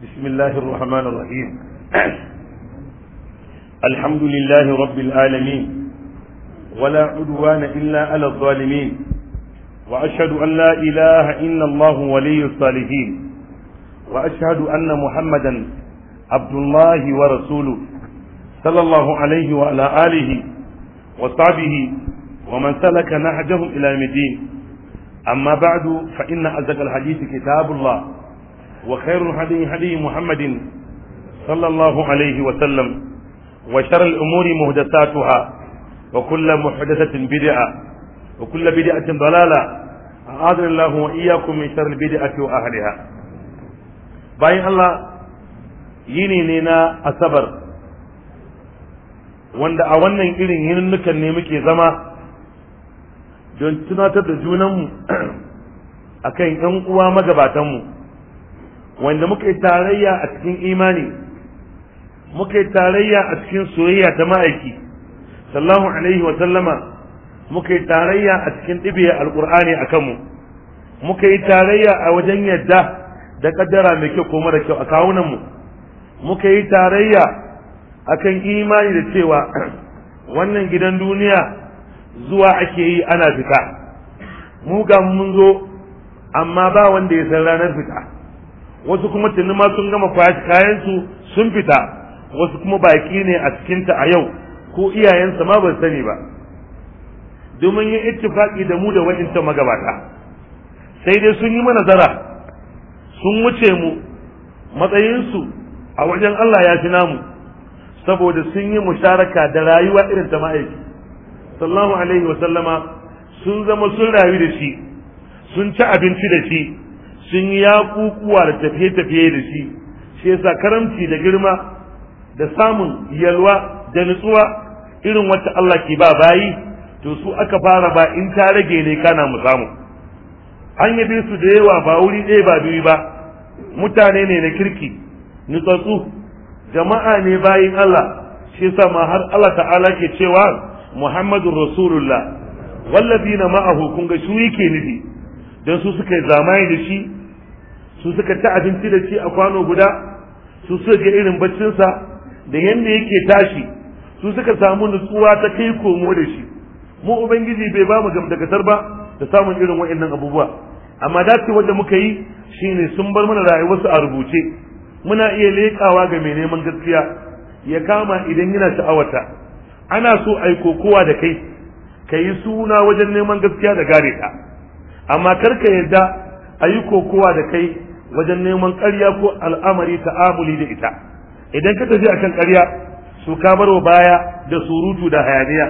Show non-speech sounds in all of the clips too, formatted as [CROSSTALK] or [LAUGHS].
بسم الله الرحمن الرحيم الحمد لله رب العالمين ولا عدوان إلا على الظالمين وأشهد أن لا إله إلا الله ولي الصالحين وأشهد أن محمدا عبد الله ورسوله صلى الله عليه وعلى آله وصحبه ومن سلك نهجهم إلى المدين أما بعد فإن أزكى الحديث كتاب الله وخير الهدي هدي محمد صلى الله عليه وسلم وشر الأمور مهدساتها وكل محدثة بدعة وكل بدعة ضلالة أعاذنا الله وإياكم من شر البدعة وأهلها باين الله yini ne na asabar wanda a wannan irin yininnukan ne muke zama don tunatar da junanmu a kan uwa magabatanmu wanda muka yi tarayya a cikin imani muka yi tarayya a cikin soyayya ta ma'aiki sallahu alaihi wa sallama muka yi tarayya a cikin ɗibiyar alƙur'ani a kanmu muka yi tarayya a wajen yadda da kaddara mai kyau ko da kyau a kawunanmu muka yi tarayya a kan imani da cewa [CLEARS THROAT] wannan gidan duniya zuwa ake yi ana fita mu ga mun zo amma ba wanda ya san ranar fita wasu kuma tuni ma sun gama kayan kayansu sun fita wasu kuma baki ne a cikinta a yau ko iyayensa ma ban sani ba domin yin ittifaki da mu da wa'inta magabata sai dai sun yi mana zara sun wuce mu matsayinsu a wajen Allah ya fi namu saboda sun yi musharaka da rayuwa irin ta ma'aiki sallallahu alaihi wa sallama sun zama sun rayu da shi sun ci abinci da shi sun yi kukuwa da tafiye-tafiye da shi shi yasa karamci da girma da samun yalwa da nutsuwa irin wata Allah ke ba bayi to su aka fara ba in ta rage ne kana mu samu an bin su da yawa ba wuri ɗaya ba biyu ba mutane ne na kirki nutsatsu jama'a ne bayin Allah shi yasa ma har Allah ta'ala ke cewa Muhammadur Rasulullah wallazina ma'ahu kun ga su yake nufi don su suka yi zamani da shi su suka ci abinci da shi a kwano guda su suka ga irin baccinsa da yadda yake tashi su suka samu nutsuwa ta kai komo da shi mu ubangiji bai ba mu gasar ba da samun irin wa'annan abubuwa amma dace wanda muka yi shine sun bar mana rayuwarsu a rubuce muna iya leƙawa ga mai neman gaskiya ya kama idan yana ta'awata, ana so ai kokowa da kai ka yi suna wajen neman gaskiya da gare ta amma kar ka yarda a yi kokowa da kai wajen neman ƙarya ko al'amari ta'amuli da ita idan ka tafi akan ƙarya su ka baro baya da surutu da hayaniya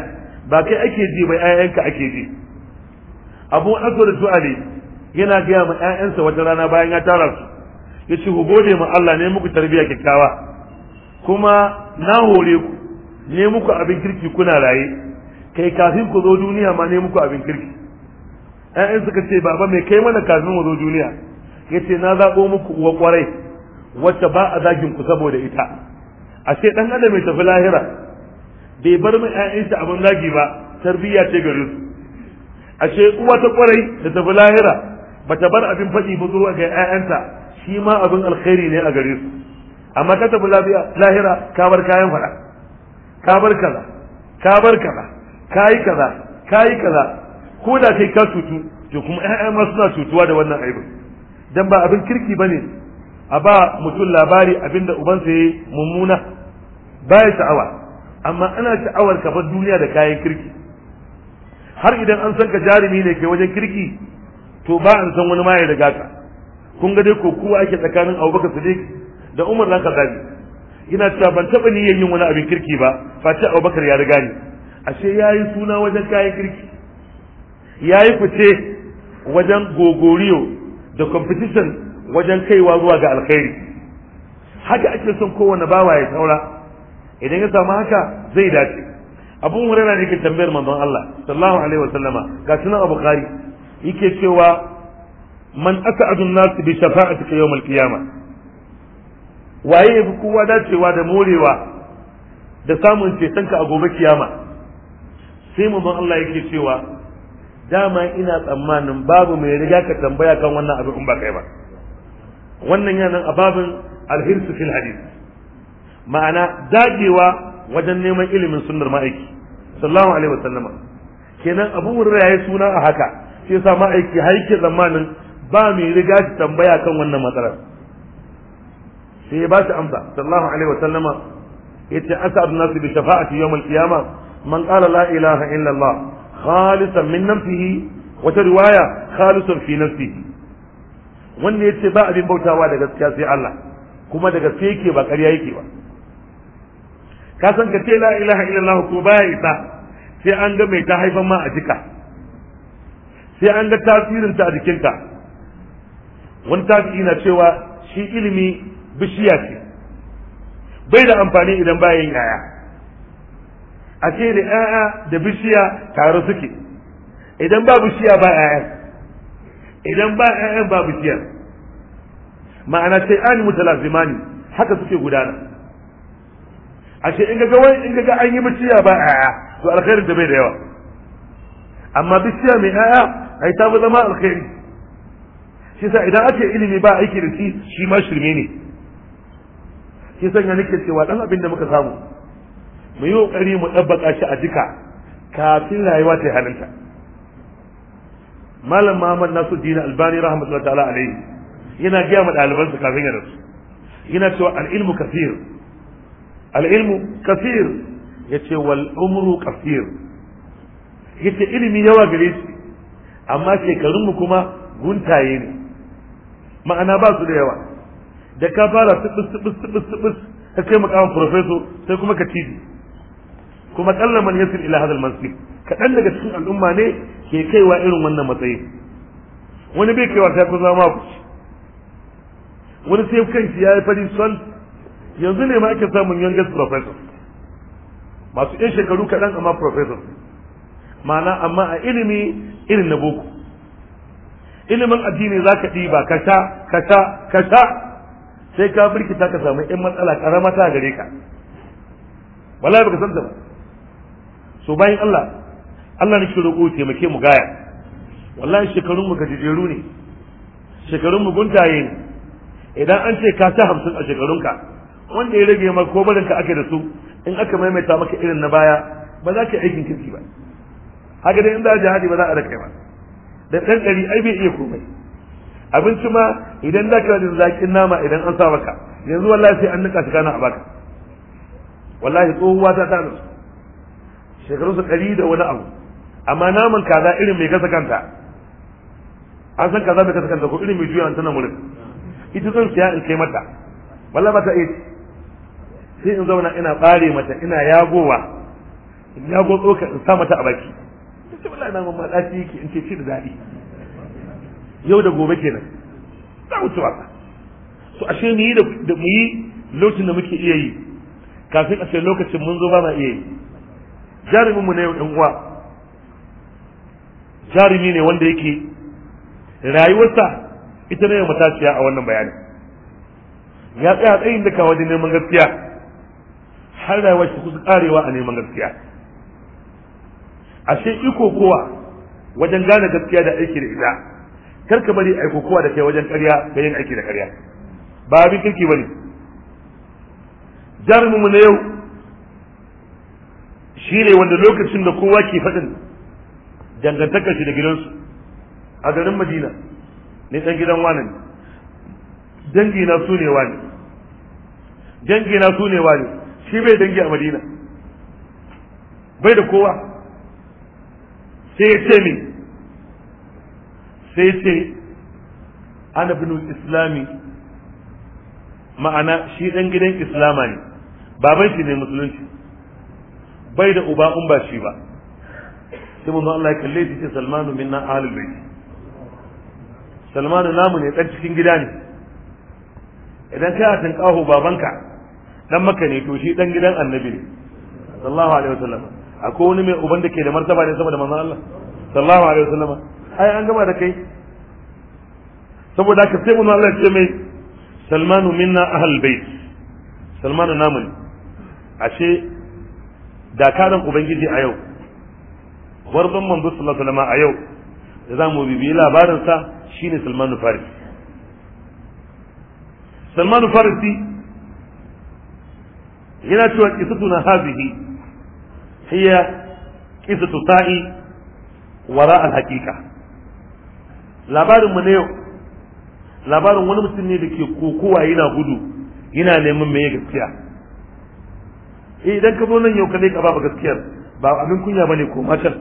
ba kai ake ji mai 'ya'yanka ake ji abu da tu'ali yana gaya ma 'ya'yansa wata rana bayan ya tara su ya ce ku gode ma Allah ne muku tarbiyya kyakkyawa kuma na hore ku ne muku abin kirki kuna raye kai kafin ku zo duniya ma ne muku abin kirki ƴaƴan suka ce baba mai kai mana kafin mu zo duniya yace na zaɓo muku uwa kwarai wacce ba a zagin ku saboda ita ashe ɗan adam mai tafi lahira bai bar mu ƴaƴansa abin zagi ba tarbiyya ce gare su ashe uwa ta kwarai da tafi lahira bata bar abin faɗi ba zuwa ga ƴaƴanta shi ma abin alkhairi ne a gare su amma ka tafi lahira ka bar kayan faɗa ka bar kaza ka bar kaza ka yi kaza ka kaza ko da kai ka cutu to kuma ƴaƴa ma suna cutuwa da wannan aibin dan ba abin kirki bane a ba mutum labari abinda ubansa yayi mummuna baya sha'awa amma ana sha'awar ka bar duniya da kayan kirki har idan an san ka jarumi ne ke wajen kirki to ba an san wani ma ya riga ka kun ga dai ko kowa ake tsakanin Abubakar Siddiq da Umar dan Khattabi ina cewa ban taba ni yin wani abin kirki ba face Abubakar ya riga ni ashe yayi suna wajen kayan kirki yayi fice wajen gogoriyo da competition wajen kaiwa zuwa ga alkhairi haka ake son kowane bawa ya taura idan ya samu haka zai dace abun hurera ne ke tambayar manzon Allah sallallahu alaihi wasallama ga sunan abu khari yake cewa man as'adu an-nas bi shafa'atika yawm al qiyama waye yafi kowa dacewa da morewa da samun cetonka a gobe kiyama sai manzon Allah yake cewa dama ina tsammanin babu mai riga ka tambaya kan wannan abin in ba kai ba wannan yana a babin alhirsu fil hadis ma'ana dagewa wajen neman ilimin sunnar ma'aiki sallallahu alaihi wasallam kenan abu murra yayi suna a haka sai yasa ma'aiki yake zamanin ba mai riga ka tambaya kan wannan matsalar sai ba shi amsa sallallahu alaihi wasallam yace asabu nasu bi shafa'ati yawm al-qiyamah man qala la ilaha illa allah khalisan min nafsihi wata riwaya khalisan fi nafsihi ya ce ba abin bautawa da gaskiya sai Allah kuma da gaske yake ba ƙarya yake ba ka san ka ce la ilaha illallah ko baya isa sai an ga mai ta haifan ma a jika sai an ga tasirin ta a jikinta wani tasiri na cewa shi ilimi bishiya ce bai da amfani idan bayan yaya A ce da 'ya'ya da bishiya tare suke idan ba bishiya ba 'ya'yan idan ba 'ya'yan ba bishiya ma'ana sai an mutalazimani haka suke gudana a ce in ga wai in ga an yi bishiya ba 'ya'ya to alkhairin da bai da yawa amma bishiya mai 'ya'ya ai ta zama alkhairi shi sa idan ake ilimi ba aiki da shi shi ma shirme ne shi sanya nake cewa dan abin da muka samu mu yi kokari mu dabbaka shi a jika kafin rayuwa ta halinta malam Muhammad dina Albani rahmatullahi ta'ala alaihi yana gaya ma ɗalibansa kafin ya rasu yana cewa al-ilmu kathir al-ilmu kathir yace wal umru Ya yace ilimi yawa gare shi amma shekarun mu kuma guntaye ne ma'ana ba su da yawa da ka fara tubus tubus tubus tubus ka kai kawo professor sai kuma ka cibi kuma kalla man yasir ila hadal mansi kaɗan daga cikin al'umma ne ke kaiwa irin wannan matsayi wani bai kaiwa ta kusa ma ku wani sai kanshi ya yi fari son, yanzu ne ma ake samun youngest professor masu yan shekaru kaɗan amma professor ma'ana amma a ilimi irin na boko ilimin addini za ka ɗiba ka sha ka sha ka sha sai ka birkita ka samu yan matsala ƙarama ta gare ka wallahi baka san ta ba to bayan Allah Allah shi roƙo taimake mu gaya wallahi shekarun mu gajejeru ne shekarun mu guntaye ne idan an ce ka ta hamsin a shekarunka wanda ya rage maka ko barinka ake da su in aka maimaita maka irin na baya ba za ka aikin kirki ba haka dai in za jihadi ba za a raka ba da ɗan ɗari ai bai iya komai abinci ma idan za ka da zaƙin nama idan an sa maka yanzu wallahi sai an nika shi kana a baka wallahi tsohuwa ta ta su shekarunsa ɗari da wani abu amma naman kaza irin mai gasa kanta an san kaza mai gasa kanta ko irin mai juya an tana wurin ita zan siya in kai mata Wala ba ta sai in zauna ina bare mata ina yagowa in yago tsoka in sa mata a baki ce wallahi naman ma ɗaci yake in ce ci da daɗi yau da gobe kenan za mu ci wasa so ashe mu yi da mu yi lokacin da muke iya yi kafin a ce lokacin mun zo ba ma iya yi jarumin mu ne yan uwa jarumi ne wanda yake rayuwarsa ita ne matashiya a wannan bayani ya tsaya tsayin daka wajen neman gaskiya har rayuwar shi kusa karewa a neman gaskiya ashe iko kowa wajen gane gaskiya da aiki da ita kar ka bari aiko kowa da kai wajen karya da yin aiki da karya ba abin kirki bane jarumin mu na yau shi ne wanda lokacin da kowa ke faɗin dangantakar shi da gidansu a garin madina ne ɗan gidan wani dangi na su ne wani dangi na su ne wani shi bai dangi a madina bai da kowa sai ya ce min sai ya ce ana binu islami ma'ana shi ɗan gidan islama ne baban shi ne musulunci bai da uba in ba shi ba sai manzo Allah ya kalle shi ce Salmanu minna ahlul bayt Salmanu namu ne dan cikin gida ne idan kai tun kaho babanka dan maka ne to shi dan gidan annabi ne sallallahu alaihi wasallam akwai wani mai uban da ke da martaba ne saboda manzon Allah sallallahu alaihi wasallam ai an gama da kai saboda haka sai mun Allah ya ce mai Salmanu minna ahlul bayt Salmanu namu ne ashe da karin ubangiji a yau gwarzon manzo sallallahu alaihi a yau da za mu bibiyi labarinsa shine Salmanu Farisi Salmanu Farisi yana cewa na hazihi hiya kisatu sa'i wara al-haqiqa labarin mu ne yau labarin wani mutum ne da ke kokowa yana gudu yana neman mai gaskiya eh idan ka zo nan yau ka ka ba gaskiyar ba abin kunya bane ko matan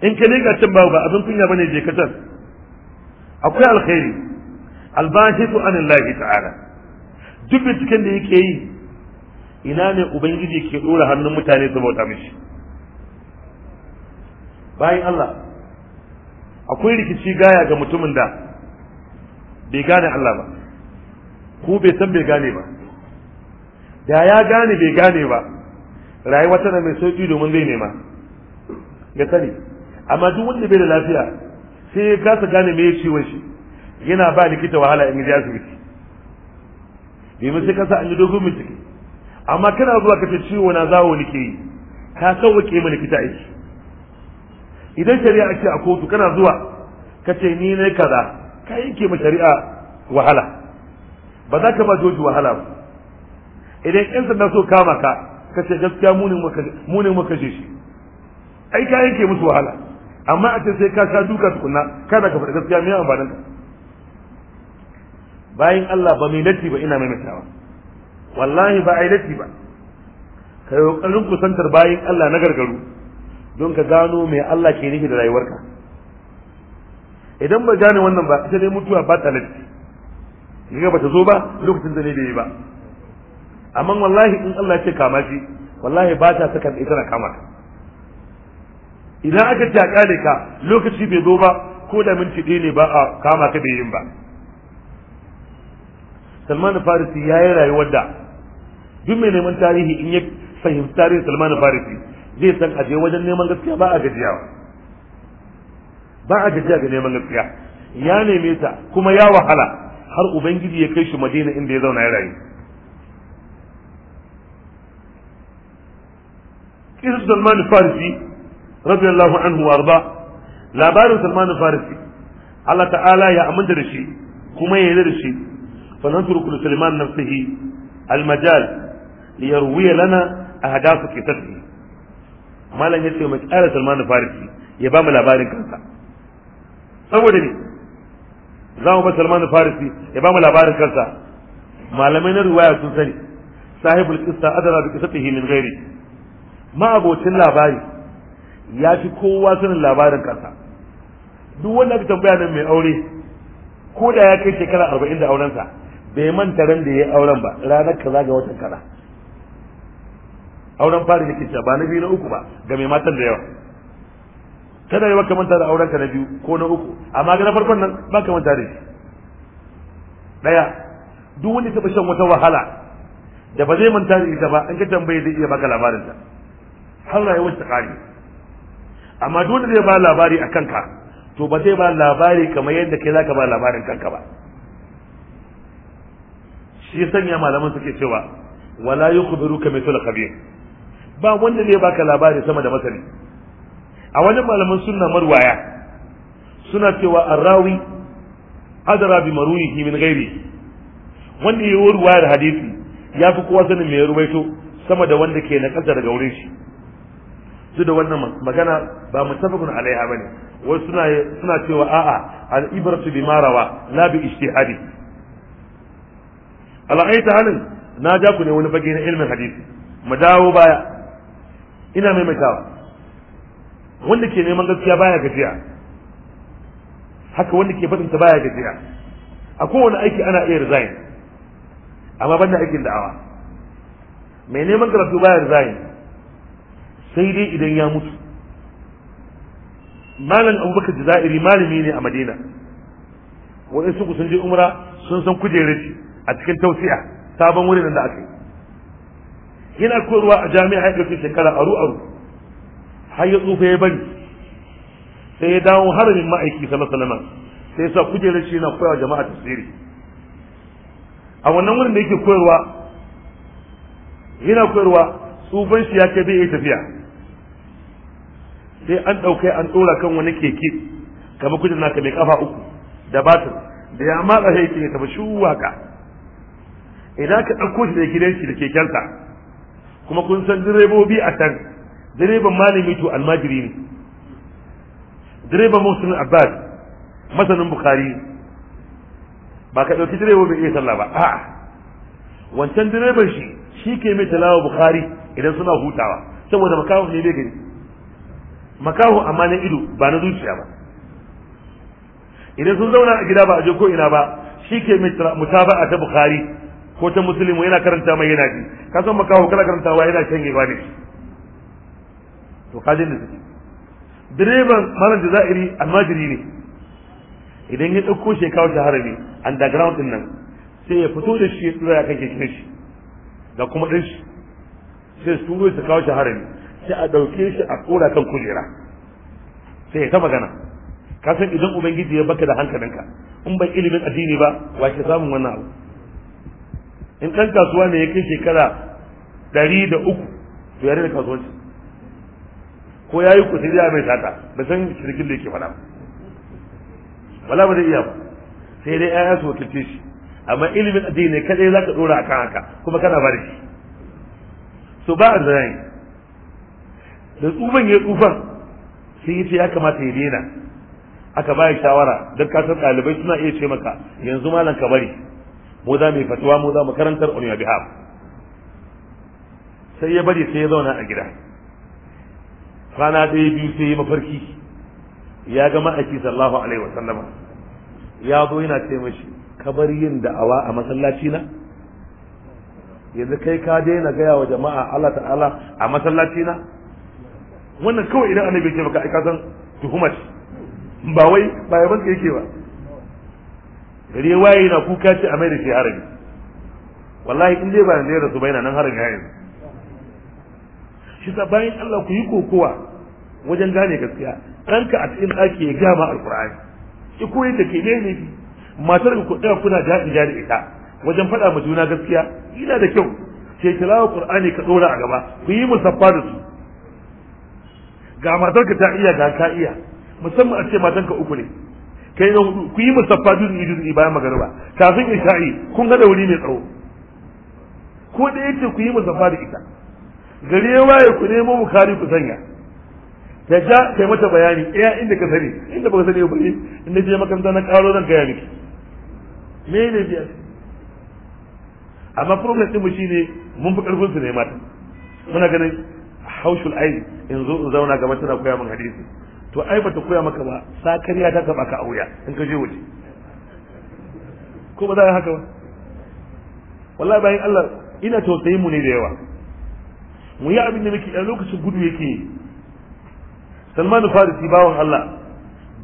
in ka leƙa can babu ba abin kunya bane je ka can akwai alkhairi albashitu anillahi ta'ala duk binciken da yake yi ina ne ubangiji ke dora hannun mutane su bauta mishi bayan Allah akwai rikici gaya ga mutumin da bai gane Allah ba ko bai san bai gane ba da ya gane bai gane ba rayuwa tana mai sauki domin zai nema ga sani amma duk wanda bai da lafiya sai ya kasa gane me ciwon shi yana ba likita wahala in ji asibiti domin sai kasa an yi dogon bincike amma kana zuwa ka ce ciwo na zawo nake yi ka sauke ma likita aiki idan shari'a ce a kotu kana zuwa ka ce ni ne kaza ka yanke ma shari'a wahala ba za ka ba joji wahala ba idan yan sanda so kama ka ka ce gaskiya mu ne muka je shi ai ka yanke musu wahala amma a ce sai ka sha duka tukunna kada ka faɗi gaskiya me amfanin ka bayan Allah ba mai latti ba ina maimaitawa wallahi ba ai latti ba ka yi ƙoƙarin kusantar bayan Allah na gargaru don ka gano mai Allah ke nufi da rayuwarka idan ba gane wannan ba ita dai mutuwa ba ta latti ga ba ta zo ba lokacin da ne bai yi ba amma wallahi in Allah ya ce kama shi wallahi ba ta saka ita na kama idan aka ci a kare ka lokaci bai zo ba ko da minti ɗaya ne ba a kama ka da yin ba Salman Farisi ya yi rayuwar da duk mai neman tarihi in ya fahimci tarihin Salman Farisi zai san aje wajen neman gaskiya ba a gajiyawa ba a gajiya ga neman gaskiya ya neme ta kuma ya wahala har ubangiji ya kai shi madina inda ya zauna ya rayu kisan salman farisi radiyallahu anhu warda labarin salman farisi Allah ta'ala ya aminta da shi kuma ya yarda da shi fa natruku li Salman nafsihi al majal li yarwi lana ahdafu kitabi malan yace mu tsara salman farisi ya ba mu labarin kansa saboda ne za mu ba salman farisi ya ba mu labarin kansa malamai na riwaya sun sani sahibul qissa adara bi qissatihi min ghairi ma'abocin labari ya fi kowa sanin labarin ƙasa duk wanda ka tambaya nan mai aure ko da ya kai shekara arba'in da aurensa bai manta ran da ya yi auren ba ranar kaza ga watan kaza auren fari da kicciya ba na biyu na uku ba ga mai matan da yawa kada yawa manta da auren ka na biyu ko na uku amma ga na farkon nan ba ka manta da shi daya duk wanda taɓa shan wata wahala da ba zai manta da ita ba an ka tambaye zai iya baka labarin ta har ya wuce kare amma duk wanda zai ba labari a kanka to ba zai ba labari kamar yadda kai zaka ba labarin kanka ba shi sanya malaman suke cewa wala yukhbiruka mithlu khabir ba wanda zai baka labari sama da masani a wajen malaman sunna marwaya suna cewa arrawi adra bi maruhihi min ghairi wanda ruwaya da hadisi ya fi kowa sanin mai ruwaito sama da wanda ke na kasa daga wurin shi su da wannan magana ba mutafakun alaiha ba ne. suna suna cewa a'a al-ibratu bi marawa la bi ijtihadi ala'aita halin na ja ku ne wani bage na ilmin hadisi mu dawo baya ina maimaitawa wanda ke neman gaskiya baya gajiya haka wanda ke fadinta baya gajiya a kowane aiki ana iya resign amma banda aikin da'awa mai neman karatu baya resign sai dai idan ya mutu malam abubakar da zairi malami ne a madina Wani su kusan je umra sun san kujerar a cikin tausiya sabon wurin da aka yi yana koyarwa a jami'a ya ɗauki shekara aru aru har ya tsufa ya bari sai ya dawo haramin ma'aiki sama alaihi sai ya sa kujerar shi yana koyawa jama'a tasiri a wannan wurin da yake koyarwa yana koyarwa tsufan shi ya kai bai iya tafiya sai an ɗaukai an ɗora kan wani keke kamar kujin naka mai kafa uku da batir da ya matsa sai ke tafi shuwaka idan ka ɗauko shi da shi da kekensa kuma kun san direbobi a can direban malami to almajiri ne direban musulun abbas masanin bukari ba ka ɗauki direba mai iya sallah ba a'a wancan direban shi shi ke mai talawa bukari idan suna hutawa saboda makawar ne bai gani makaho amma na ido ba na zuciya ba idan sun zauna a gida ba a je ko ina ba shi ke mutaba'a ta bukhari ko ta musulmi yana karanta mai yana ji ka san makaho kana wa yana shan ba ne to ka da suke direban malam jazairi almajiri ne idan ya ɗauko shekaru ta harami underground din nan sai ya fito da shi ya tsira ya kai shi da kuma ɗin shi sai su kawo shi harami sai a ɗauke shi a tsora kan kujera sai ya ta magana kasan idan ubangiji ya baka da hankalinka in ban ilimin addini ba wa ke samun wannan abu in ɗan kasuwa ne ya kai shekara dari da uku to yare da kasuwanci ko ya yi kusa ya mai sata da san shirkin da yake faɗa wala ba zai iya ba sai dai ya su wakilce shi amma ilimin addini ne kadai za ka ɗora a kan haka kuma kana bari shi so ba a zanayi da tsufan ya tsufan sai ya ya kamata ya daina aka baya shawara don ka ɗalibai suna iya ce maka yanzu malam ka bari mu za mu fatuwa mu za mu karantar on your behalf sai ya bari sai ya zauna a gida kwana ɗaya biyu sai ya mafarki ya ga ma'aiki sallahu alaihi wa sallama ya zo yana ce mashi ka bar yin da'awa a masallaci na yanzu kai ka daina gaya wa jama'a Allah ta'ala a masallaci na wannan kawai idan annabi ce maka ai ka san ba wai ba ya banka yake ba gari waye na kuka ce a mai da shi harami wallahi in dai ba ne da su ba nan harami ya yanzu shi sa bayan Allah ku yi kokowa wajen gane gaskiya ranka a cikin ɗaki ya gama alkur'ani shi koyi da ke ne matar ku ɗaya kuna jaɗi da ita wajen faɗa ma juna gaskiya ina da kyau ke tilawa qur'ani ka ɗora a gaba ku yi musaffa da su ga matarka ta iya ga ka iya musamman a ce matanka uku ne kai na hudu ku yi musaffa juzu'i juzu'i bayan magariba kafin isha'i kun ga da wuri mai tsawo ko da yake ku yi musaffa da ita gare waye ku nemo bukari ku sanya ta ja kai mata bayani iya inda ka sani inda baka sani ba ne inda je makaranta na karo zan gaya miki me ne biya amma problem din mu shine mun fi karfin su ne mata muna ganin haushul aini in zo in zauna gaba tana koya min hadisi to ai bata koya maka ba sakariya ta taba ka auya in ka je waje ko ba za a haka ba wallahi bayan Allah ina tausayin mu ne da yawa mu yi abin da muke a lokacin gudu yake Salman Farisi bawan Allah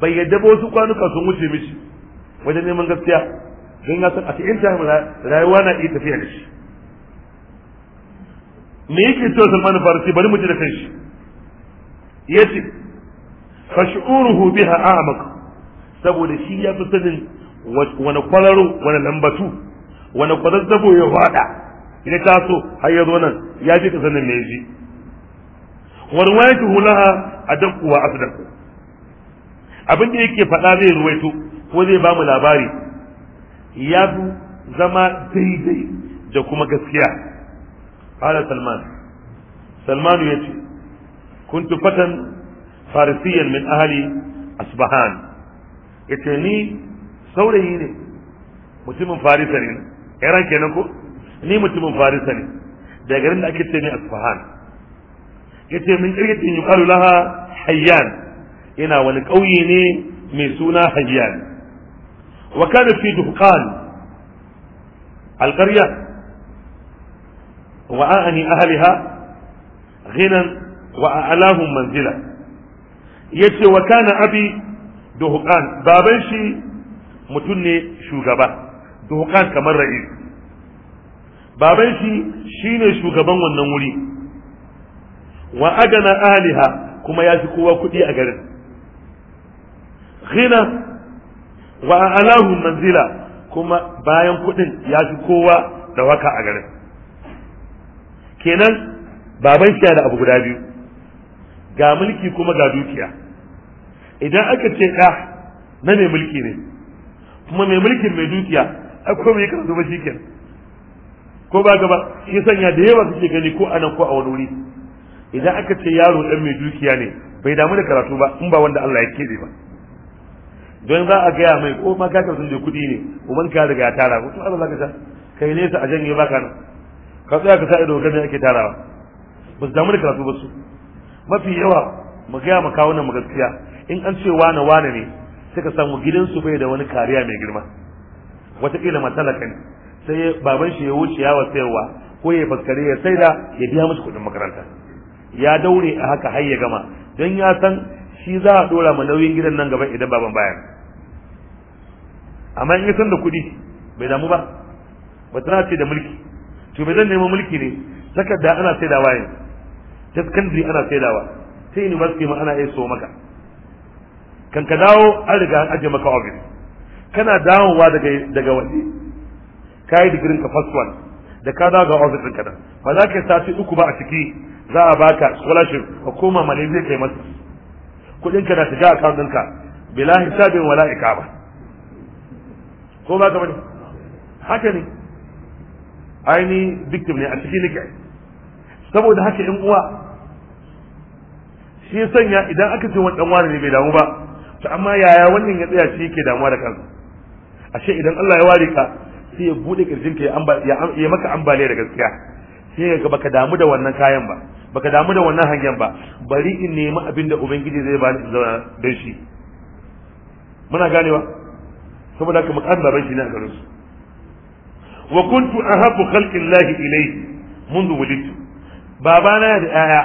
bai yadda ba wasu kwanuka sun wuce mishi wajen neman gaskiya don ya san a cikin rayuwa na iya tafiya da shi me yake cewa Salman Farisi bari mu ji da kanshi yace fash'uruhu biha a'maq saboda shi ya fi sanin wani kwararo wani lambatu wani kwazazzabo ya fada idan ta har ya zo nan ya ji ka sanin me ji hulaha laha adaqu wa asdaqu abin da yake faɗa zai ruwaito ko zai ba mu labari ya fi zama daidai da kuma gaskiya قال سلمان سلمان يتي كنت فتى فارسيا من أهل أصبهان يتني saurayi ne mutumin farisa ne iran kenan ko ni mutumin ne garin da ake ce ne asfahan yace min kirkitin yuqalu laha hayyan yana wani ƙauye ne mai suna hayyan wa kana fi وأعني أهلها غنى وأعلاهم منزلة يتي وكان أبي دهقان بابنشي متني شوغبا دهقان كمان رئيس بابنشي شي شيني شوغبان والنمولي وأغنى أهلها كما يزكوا كدي أغرن غنى وأعلاهم منزلة kuma bayan kuɗin ya fi kowa da waka a garin kenan baban shi da abu guda biyu ga mulki kuma ga dukiya idan aka ce ɗa na mai mulki ne kuma mai mulkin mai dukiya akwai mai karatu ba shikenan ko ba gaba shi sanya da yawa suke gani ko a nan ko a wani wuri idan aka ce yaro dan mai dukiya ne bai damu da karatu ba in ba wanda Allah ya kebe ba don za a gaya mai ko oh, ma ka karatu da kuɗi ne umar ka riga ya tara ko to Allah ka ta kai ne sa a janye baka nan ka tsaya ka sa ido ga ake tarawa ba su damu da karatu ba su mafi yawa mu gaya mu kawo nan gaskiya in an ce wane wane ne sai ka gidan su bai da wani kariya mai girma wataƙila matalaka ne sai baban shi ya wuce yawa sayarwa ko ya faskare ya saida ya biya musu kuɗin makaranta ya daure a haka har ya gama don ya san shi za a ɗora ma nauyin gidan nan gaba idan baban bayan amma in ya san da kuɗi bai damu ba ba tana ce da mulki to me zan nemo mulki ne da ana waye ta taskandiri ana saidawa ta university ma ana iso maka kan ka dawo an riga an aje maka office kana dawowa daga daga waje ka yi digirin ka first one da ka dawo ga office ɗinka nan ba za ka yi sati uku ba a ciki za a baka scholarship ka koma malaysia kai masa kuɗin ka na shiga account ɗinka bila hisabin wala ikaba ko ba ka bane haka ne aini victim ne a ciki nake saboda haka in uwa shi sanya idan aka ce wani dan wani ne bai damu ba to amma yaya wannan ya tsaya shi yake damuwa da kansa ashe idan Allah ya ware ka sai ya bude kirjin ka ya maka ambaliya da gaskiya sai ka baka damu da wannan kayan ba baka damu da wannan hangen ba bari in nemi abin da ubangiji zai bani zauna da shi muna ganewa saboda haka mukarrar shi ne a garin su wa kuntu ahabbu khalqillahi ilayhi منذ ولدت babana ya da 'ya'ya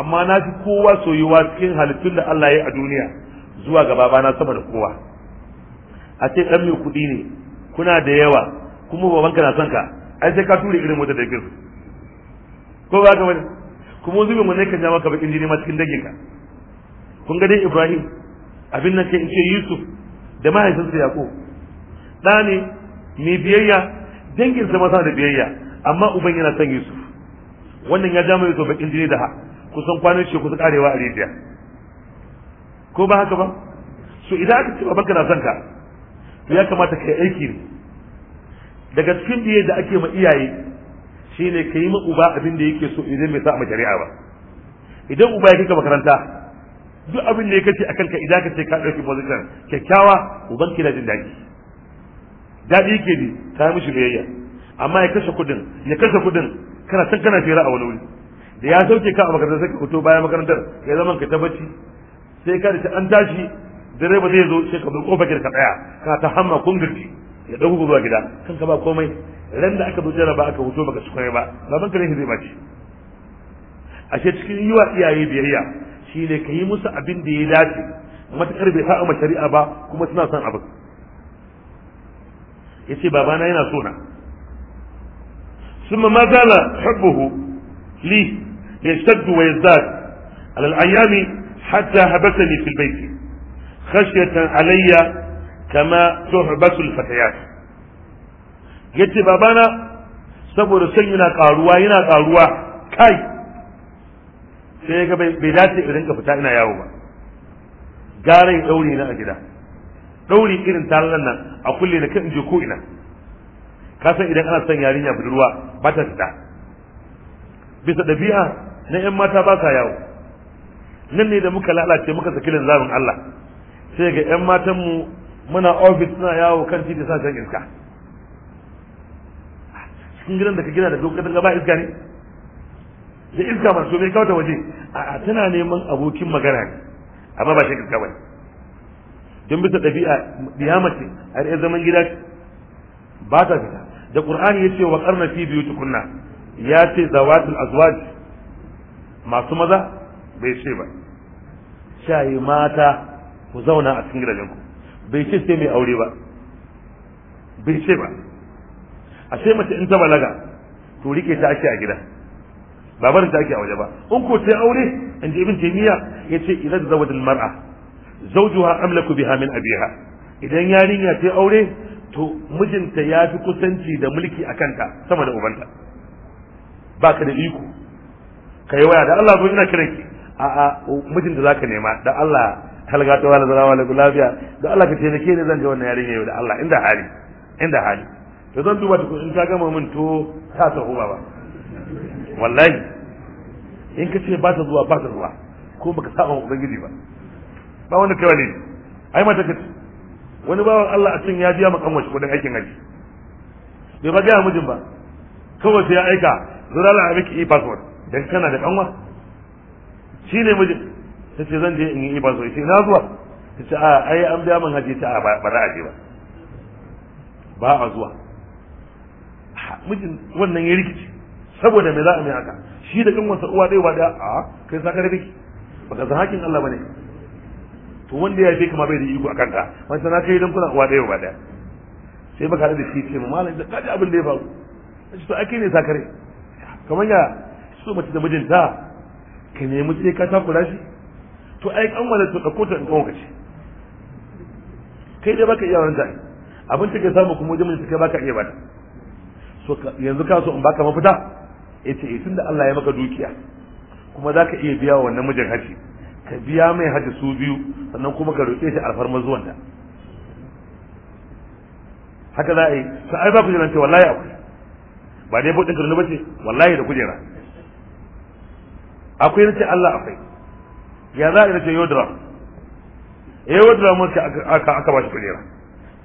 amma na fi kowa soyuwa cikin halittun da Allah ya yi a duniya zuwa ga babana sama da kowa a ce ɗan mai kuɗi ne kuna da yawa kuma babanka na son ka ai sai ka tura irin wata da gir ko ba ka wani kuma zubin mu ne ka ja ka bakin jini ma cikin dangin ka kun ga dai Ibrahim abin nan kai in ce Yusuf da mahaifinsa Yaqub ɗa ne mai biyayya dangin sa maza da biyayya amma uban yana son Yusuf wannan ya jama Yusuf bakin jini da ha kusan kwanan shi kusa karewa a rijiya ko ba haka ba so idan aka ce babanka na son ka to ya kamata kai aiki ne daga cikin biye da ake ma iyaye shine kai ma uba abin da yake so idan bai sa ma shari'a ba idan uba ya kika makaranta duk abin da ya kace akan ka idan ka ce ka dauki position kyakkyawa uban ki na jin daɗi daɗi ke ne ta mishi biyayya amma ya kashe kuɗin ya kashe kuɗin kana san kana fira a wani wuri da ya sauke ka a makarantar sai ka fito bayan makarantar ya zama ka ta sai ka dace an tashi direba zai zo sai ka bi kofar ka tsaya ka ta hamma kun girki ya dauko zuwa gida kan ka ba komai ran da aka zo ba aka fito baka ci ba baban ka ne zai baci ashe cikin yi wa iyaye biyayya shine ka yi musu abin da ya dace matakar bai sa'a ma shari'a ba kuma suna son abin yace babana yana so na ma zala hubbuhu li yashtad wa yazdad ala al-ayami hatta habasani fi bayt khashyatan alayya kama tuhbasu al-fatayat yace babana saboda san yana karuwa yana karuwa kai sai ga bai dace idan ka fita ina yawo ba gara ya ɗaure na a gida ɗauri irin talan nan a kulle da kan je ko ina ka idan ana son yarinya budurwa ba ta fita bisa ɗabi'a na 'yan mata ba sa yawo nan ne da muka lalace muka saki linzamin Allah sai ga 'yan matanmu muna ofis suna yawo kan titi sa shan iska cikin gidan da ka gina da dokar daga ba iska ne da iska masu mai kawata waje a tana neman abokin magana ne amma ba shi iska ba ne don bisa ɗabi'a ya mace har ya zaman gida ba ta fita da ya ce wa ƙarna fi biyu tukuna. ya ce zawatul azwaj masu maza bai ce ba shayi mata ku zauna a cikin gidajenku bai ce sai mai aure ba bai ce ba a sai mace in ta balaga to rike ta ake a gida babar ta ake a waje ba in ko sai aure in ji ibn taymiya yace idan zawadin mar'a zawjuha amlaku biha min abiha idan yarinya ta aure to mijinta ya fi kusanci da mulki a kanta sama da ubanta ba ka da iko ka yi waya da Allah zo ina kiran ki a a mijin da zaka nema da Allah halga ta wala zalawa la lafiya da Allah ka taimake ni zan ga wannan yarinya yau da Allah inda hali inda hali to zan duba tukun in ka gama min to ta sahu ba wallahi in ka ce ba ta zuwa ba ta zuwa ko baka saba ubangiji ba ba wanda kai ne ai mata kace wani bawan Allah a cin ya biya makan wasu kudin aikin haji bai ba gaya mijin ba kawai sai ya aika zura la abiki e password dan kana da kanwa shine mijin sai zan je in yi e passport sai na zuwa sai a ai an biya min haji ta ba za a je ba ba a zuwa mijin wannan ya rikici saboda me za a mai haka shi da sa uwa ɗaya ba ɗaya a kai sa karfi baka san hakin Allah bane to wanda ya haife ka bai da iko a kanta wanda na kai don kuna uwa ɗaya ba da sai baka da shi ce malam da kaji abin da ya faru shi to ake ne sakare kamar ya so mace da mijinta ka nemi sai ka kula shi to ai an wala to ka ta in kawo ka ce kai dai baka iya wani dai abin take samu kuma wajen mijinta kai baka iya ba so yanzu ka so in baka mafita yace ce eh, da Allah ya maka dukiya kuma za ka iya biya wa wannan mijin haji ka biya mai hajji su biyu sannan kuma ka roƙe shi alfarma da haka za a yi sa ai ba ku jiran ce wallahi akwai ba dai buɗin karnu ba ce wallahi da kujera akwai na ce Allah akwai ya za a yi na ce yodra eh, yodra mun ka aka ba shi kujera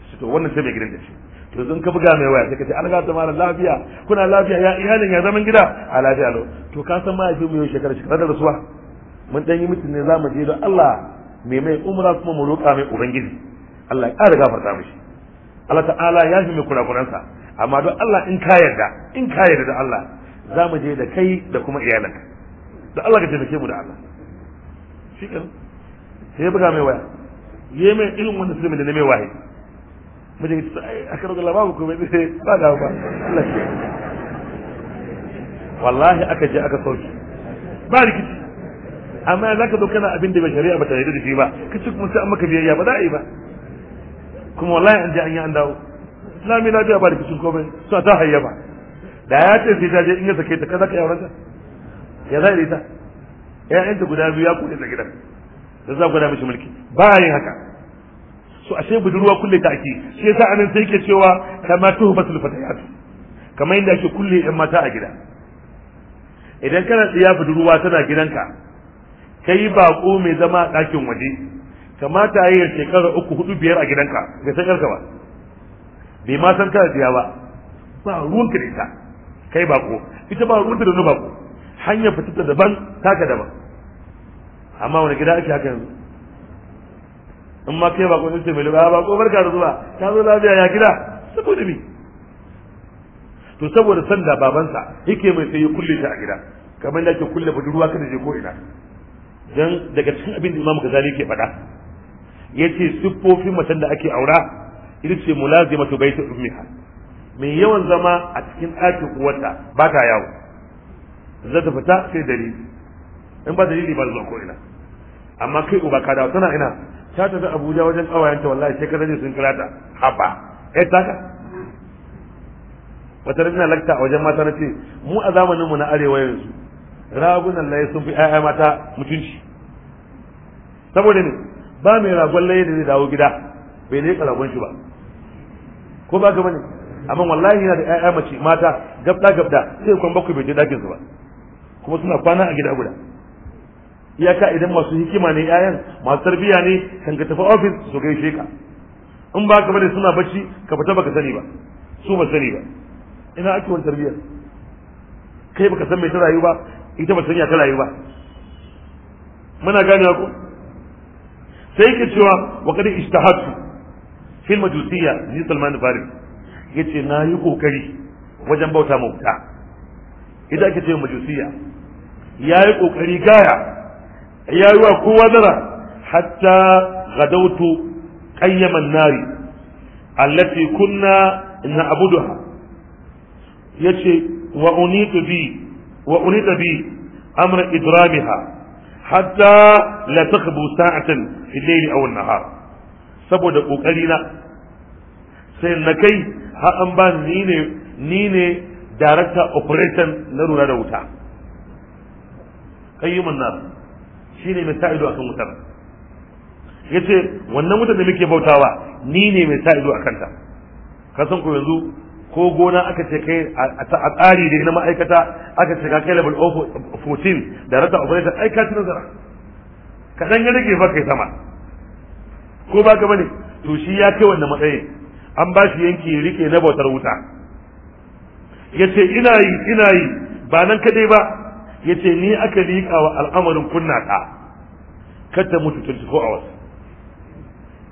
shi to wannan sai mai gidan da shi to zan ka buga mai waya sai ka ce an gata mara lafiya kuna lafiya ya iyalin ya zaman gida a lafiya lau to ka san fi mu yau shekara shekara da rasuwa mun dan yi mutune ne za mu je da Allah mai mai umra kuma mu roƙa mai ubangiji Allah ya ƙara gafarta mishi Allah ta'ala ya shi mai kurakuransa amma don Allah in ka yarda in ka yarda da Allah za mu je da kai da kuma iyalanka da Allah ka taimake mu da Allah shi kan sai buga mai waya yi mai ilmin wanda suka mai da na mai waye mu je a karar da labaru ko bai ba da ba Allah shi wallahi aka je aka sauki ba rikici amma za ka zo kana abin da ba shari'a ba ta yarda da shi ba ka ci kuma sai an maka biyayya ba za a yi ba kuma wallahi an je an yi an dawo islami biya ba da kishin komai suna ta ba da ya ce sai ta je in ya sake ta kaza ka yawon ta ya za a yi ta ƴaƴanta guda biyu ya kuɗe ta gidan da za gwada mishi mulki ba yin haka a ashe budurwa kulle ta ake shi yasa anan sai ke cewa kama tuhu basul fatayatu kamar yadda ake kulle yan mata a gida idan kana tsiya budurwa tana gidanka kai baƙo mai zama a ɗakin waje kamata a yi shekara uku hudu biyar a gidanka bai san yarka ba bai ma san kada ba ba ruwanka da ita kai baƙo ita ba ruwanta da wani baƙo hanyar fitata daban taka daban amma wani gida ake haka yanzu in ma kai baƙo ce mai lura baƙo barka da zuwa ta zo lafiya ya gida saboda me to saboda sanda babansa yake mai sai ya kulle ta a gida kamar da ake kulle budurwa kada je ko ina dan daga cikin abin da Imam Ghazali ke faɗa yace siffofin macen da ake aura ita ce mulazimatu baiti ummiha mai yawan zama a cikin ɗakin uwarta ba ta yawo za ta fita sai dalili in ba dalili ba zuwa ko ina amma kai uba ka dawo tana ina ta ta tafi Abuja wajen kawayenta wallahi sai ka sun kira ta haba eh ka? wata rana lakta a wajen mata na ce mu a mu na arewa yanzu ragunan laye sun fi ƴaƴa mata mutunci saboda ne ba mai ragon laye da zai dawo gida bai leƙa ragon shi ba ko ba gaba ne amma wallahi yana da ƴaƴa mace mata gabda gabda sai kwan bakwai bai je dakin su ba kuma suna kwana a gida guda iyaka idan masu hikima ne ƴaƴan masu tarbiyya ne kan ka tafi ofis su gaishe ka in ba ka ne suna bacci ka fita baka sani ba su ba sani ba ina ake wani tarbiyyar kai baka san mai ta rayu ba ita ba sanya ta rayu ba muna gane ku sai yake cewa wa kada ishtahatu fil majusiyya ni Salman Farid yace na yi kokari wajen bauta mauta idan ake cewa majusiyya ya yi kokari gaya ya yi wa kowa dara hatta gadautu qayyaman nari allati kunna abuduha yace wa unitu bi wa ulita bi amra idramiha hatta la takhbu sa'atan fi al-layli aw an-nahar saboda ƙoƙarina, sai na kai har an ba ni ne ni director operation na lura da wuta qayyumun shi ne mai sa a kan wutar Ya ce wannan wutar da muke bautawa ni ne mai sa a kanta. ta ka san ku yanzu ko gona aka ce kai a tsari da na ma'aikata aka ce ka kai level 14 da rata operator ai ka ci nazara kaɗan ya rage fa kai sama ko ba ka bane to shi ya kai wannan matsayin an ba shi yanki rike na bautar wuta ya ce ina yi ina yi ba nan kadai ba ya ce ni aka lika wa al'amarin kunna ta kada mutu 24 hours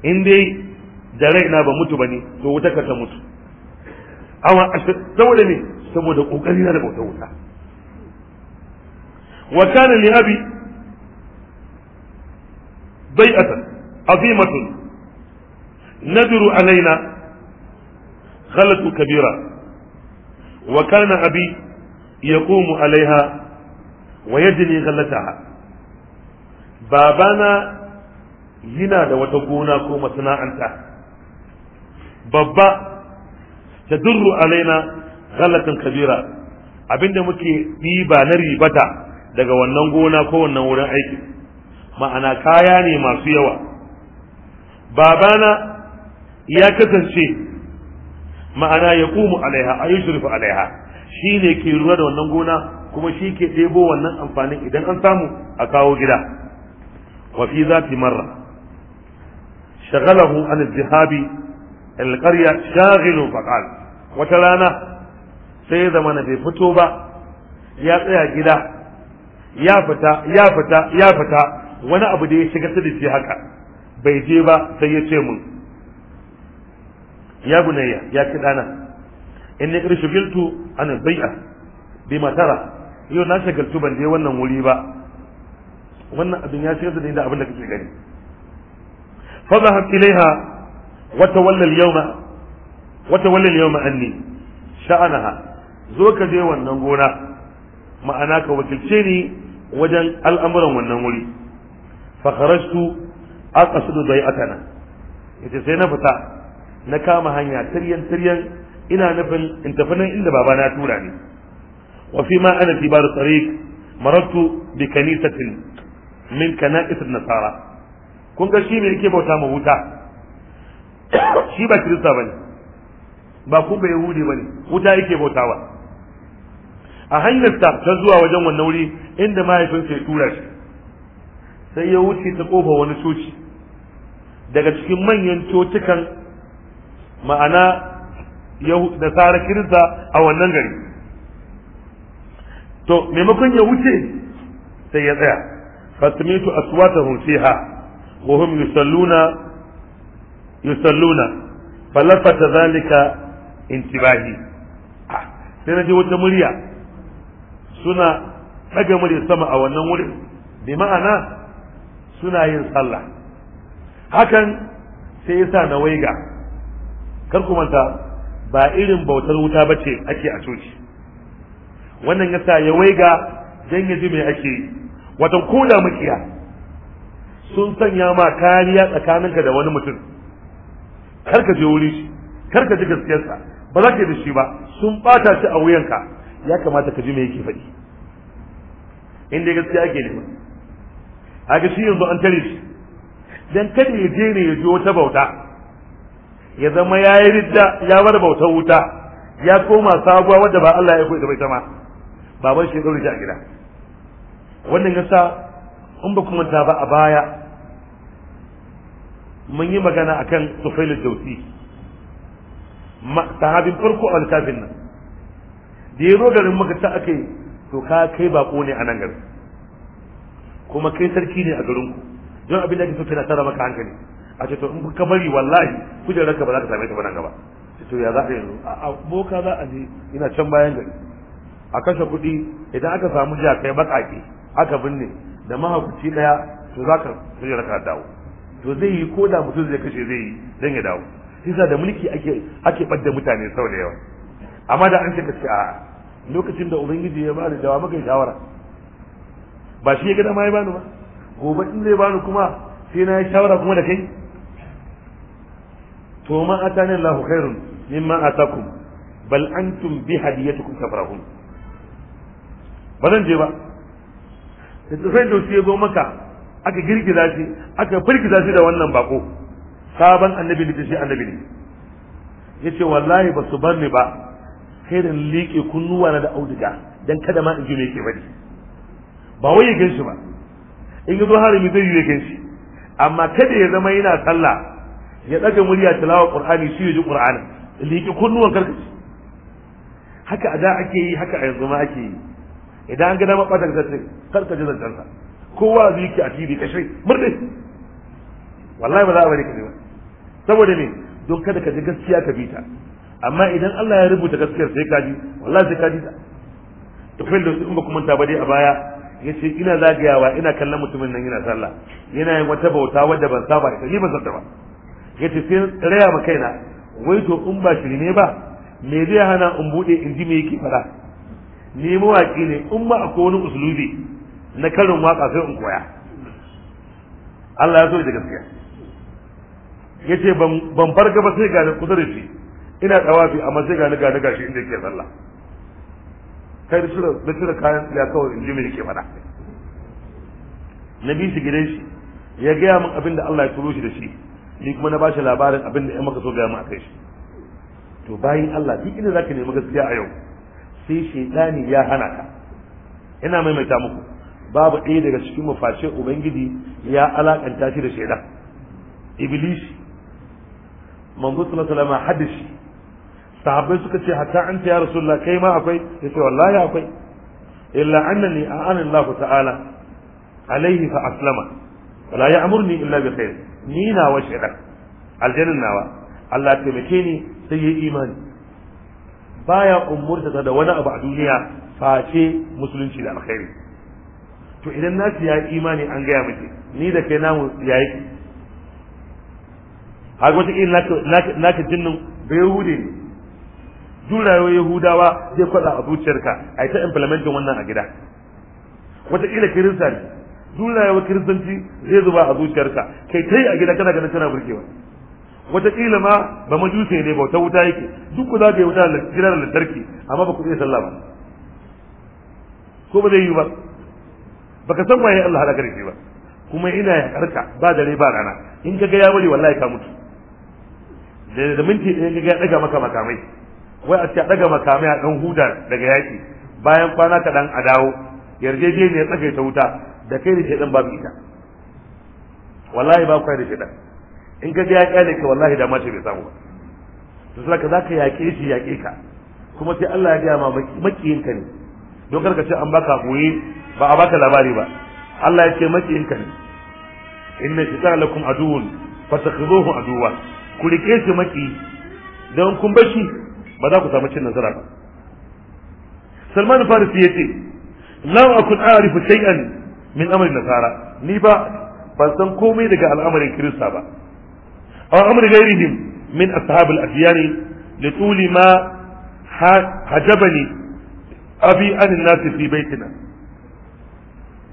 in dai da raina ba mutu ba to wuta ka ta mutu awa ashirin saboda ne saboda kokari na da bauta wuta wa kana li abi bai'atan azimatun nadru alaina wa kana abi yaqumu alaiha wa yajni ghalataha Babana yana da wata gona ko masana'anta babba تدر alaina ghalatan kabira abinda muke ɗiba na ribata daga wannan gona ko wannan wurin aiki ma'ana kaya ne masu yawa babana ya kasance ma'ana ya kumu alaiha a yushrifu alaiha shi ne ke lura da wannan gona kuma shi ke ɗebo wannan amfanin idan an samu a kawo gida wa fi zati marra shagalahu an zihabi alƙarya shaghilu faqal wata rana sai zama na bai fito ba ya tsaya gida ya fita ya fita ya fita wani abu da ya shiga ta dace haka bai je ba sai ya ce mun ya bunayya ya ki dana inni irshugiltu an bai'a bima matara yau na shagaltu ban je wannan wuri ba wannan abin ya shigar da ni da abin da kake gani fa zahab ilaiha wata wallal yawma anni sha'anaha zo ka je wannan gona ma'ana ka wakilce ni wajen al'amuran wannan wuri fa kharajtu aqsidu bai'atana yace sai na fita na kama hanya tiryan tiryan ina nufin in tafi nan inda baba na tura ni wa fi ma ana fi bar tariq marartu bi kanisatin min kana'is nasara kun ga shi ne yake bauta ma wuta [COUGHS] shi ba kirista bane ba kuma yahudi ne, wuta yake bautawa a hanyar ta zuwa wajen wannan wuri inda mahaifinsa ya tura shi sai ya wuce ta kofa wani coci daga cikin manyan cocikan ma'ana da tsara kirista a wannan gari to maimakon ya wuce sai ya tsaya fatimitu aswatahum fiha wa hum yusalluna yusalluna falafata zalika intibahi ah, sai na ji wata murya suna daga murya sama a wannan wurin bi ma'ana suna yin sallah hakan sai yasa na waiga kar ku manta ba irin bautar wuta ba ce ake a coci wannan yasa ya waiga don ya ji mai ake yi kula koda makiya sun sanya ma kariya tsakaninka da wani mutum kar ka je wuri shi kar ka ji gaskiyarsa ba za ka yi da shi ba sun bata shi a wuyanka ya kamata ka ji me yake faɗi inda gaskiya ake nema a ga shi yanzu an tare shi dan kada ya je ne ya ji wata bauta ya zama ya yi ridda ya bar bautar wuta ya koma sabuwa wadda ba Allah ya koyi da bai ta ma baban shi ya ɗaure shi a gida wannan yasa in ba kuma ta ba a baya mun yi magana akan ma ta sahabin farko a littafin nan da ya garin maka ta aka yi to ka kai bako ne a nan garin kuma kai sarki ne a garin ku. don abin da ake so tara maka hankali a ce to in ka bari wallahi kujerar ka ba za ka same ta ba nan gaba to ya za a yanzu a boka za a je ina can bayan gari a kashe kuɗi idan aka samu jakai baƙaƙe aka binne da mahaukaci ɗaya to za ka kujerar ka dawo to zai yi ko da mutum zai kashe zai yi dan ya dawo yasa da mulki ake ake ɓadda mutane sau da yawa amma da an ce kace a lokacin da ubangiji ya bani dawa maka shawara ba shi ya ga dama ya bani ba gobe in zai bani kuma sai na yi shawara kuma da kai to ma atani Allahu khairun mimma atakum bal antum bi hadiyatikum tafrahun ba zan je ba sai da ya zo maka aka girgiza shi aka birgiza shi da wannan bako sabon annabi ne shi annabi ne yace wallahi ba su bar ni ba sai da liƙe kunnuwa na da auduga dan kada ma in ji me yake bari ba wai ya ganshi ba in ga zuwa harami zai yi ya ganshi amma kada ya zama yana sallah ya daga murya tilawa qur'ani shi ya ji qur'ani liƙe kunnuwan karkashi haka a da ake yi haka a yanzu ma ake yi idan an ga dama ɓatar sai karka ji zancensa kowa zai ki a tv ka murde wallahi ba za a bari ka ba saboda me don kada ka ji gaskiya ka bi ta amma idan Allah ya rubuta gaskiyar sai ka ji wallahi sai ka ji ta to fa in ba kuma ta ba dai a baya yace ina zagayawa ina kallon mutumin nan yana sallah yana yin wata bauta wadda ban saba ka yi ban santa ba yace sai raya ma kaina wai to in ba ne ba me zai hana in bude in ji me yake fara ni mawaki ne in ba akwai wani usulubi na karin waka sai in koya Allah ya so da gaskiya yace ban ban farga ba sai gani shi, ina tawafi amma sai gani gani gashi inda yake sallah kai da shirya da shirya kayan ya kawai in ji me ke faɗa na bi shi gidan shi ya gaya min abin da Allah ya turo shi da shi ni kuma na bashi labarin abin da ya maka so gaya min akai shi to bayan Allah duk inda zaka nemi gaskiya a yau sai shaitani ya hana ka ina maimaita muku babu ɗaya daga cikin mu ubangiji ya alakanta shi da shaidan iblis manzo sallallahu alaihi wasallam hadisi sahabbai suka ce hatta ta ya rasulullah kai ma akwai yace wallahi akwai illa annani a'ana Allah ta'ala alaihi fa aslama wala ya'murni illa bi khair ni na wa shaidan aljannin nawa Allah taimake ni sai yi imani baya umurta da wani abu a duniya face musulunci da alkhairi to idan na ya yi imani an gaya miki ni da kai namu ya yi haka wata na naka jinnin bai yahude ne rayuwar yahudawa zai kwada a zuciyarka a yi ta implementin wannan a gida wata kila kirista ne rayuwar kiristanci zai zuba a zuciyarka kai ta yi a gida kana ganin tana burkewa wata kila ma ba mu majuse ne ta wuta yake duk ku za ka yi wuta da lantarki amma ba ku iya sallah ba ko ba zai yi ba baka san waye Allah halaka da ba kuma ina ya karka ba dare ba rana in kaga ya bari wallahi ka mutu da da minti ɗaya kaga ya daga maka makamai wai a ce a daga makamai a dan huda daga yaki bayan kwana kaɗan a dawo yarjejeniyar ta wuta da kai da shedan babu ita wallahi ba kwai da shedan in ka ga ya kyale ka wallahi da mace bai samu ba to sai ka zaka yake shi yake ka kuma sai Allah ya ga ma makiyinka ne don ka ce an baka koyi ba a baka labari ba Allah ya ce maki in ne. inna shaytana lakum fatakhuduhu aduwa ku rike shi maki don kun bashi ba za ku samu cin nasara ba Salman Farisi yace lam akun a'rifu shay'an min amri nasara ni ba ban san komai daga al'amarin Kirista ba aw amri gairihim min ashabil adyani adyan li tuli ma hajabani abi anin nasu fi baitina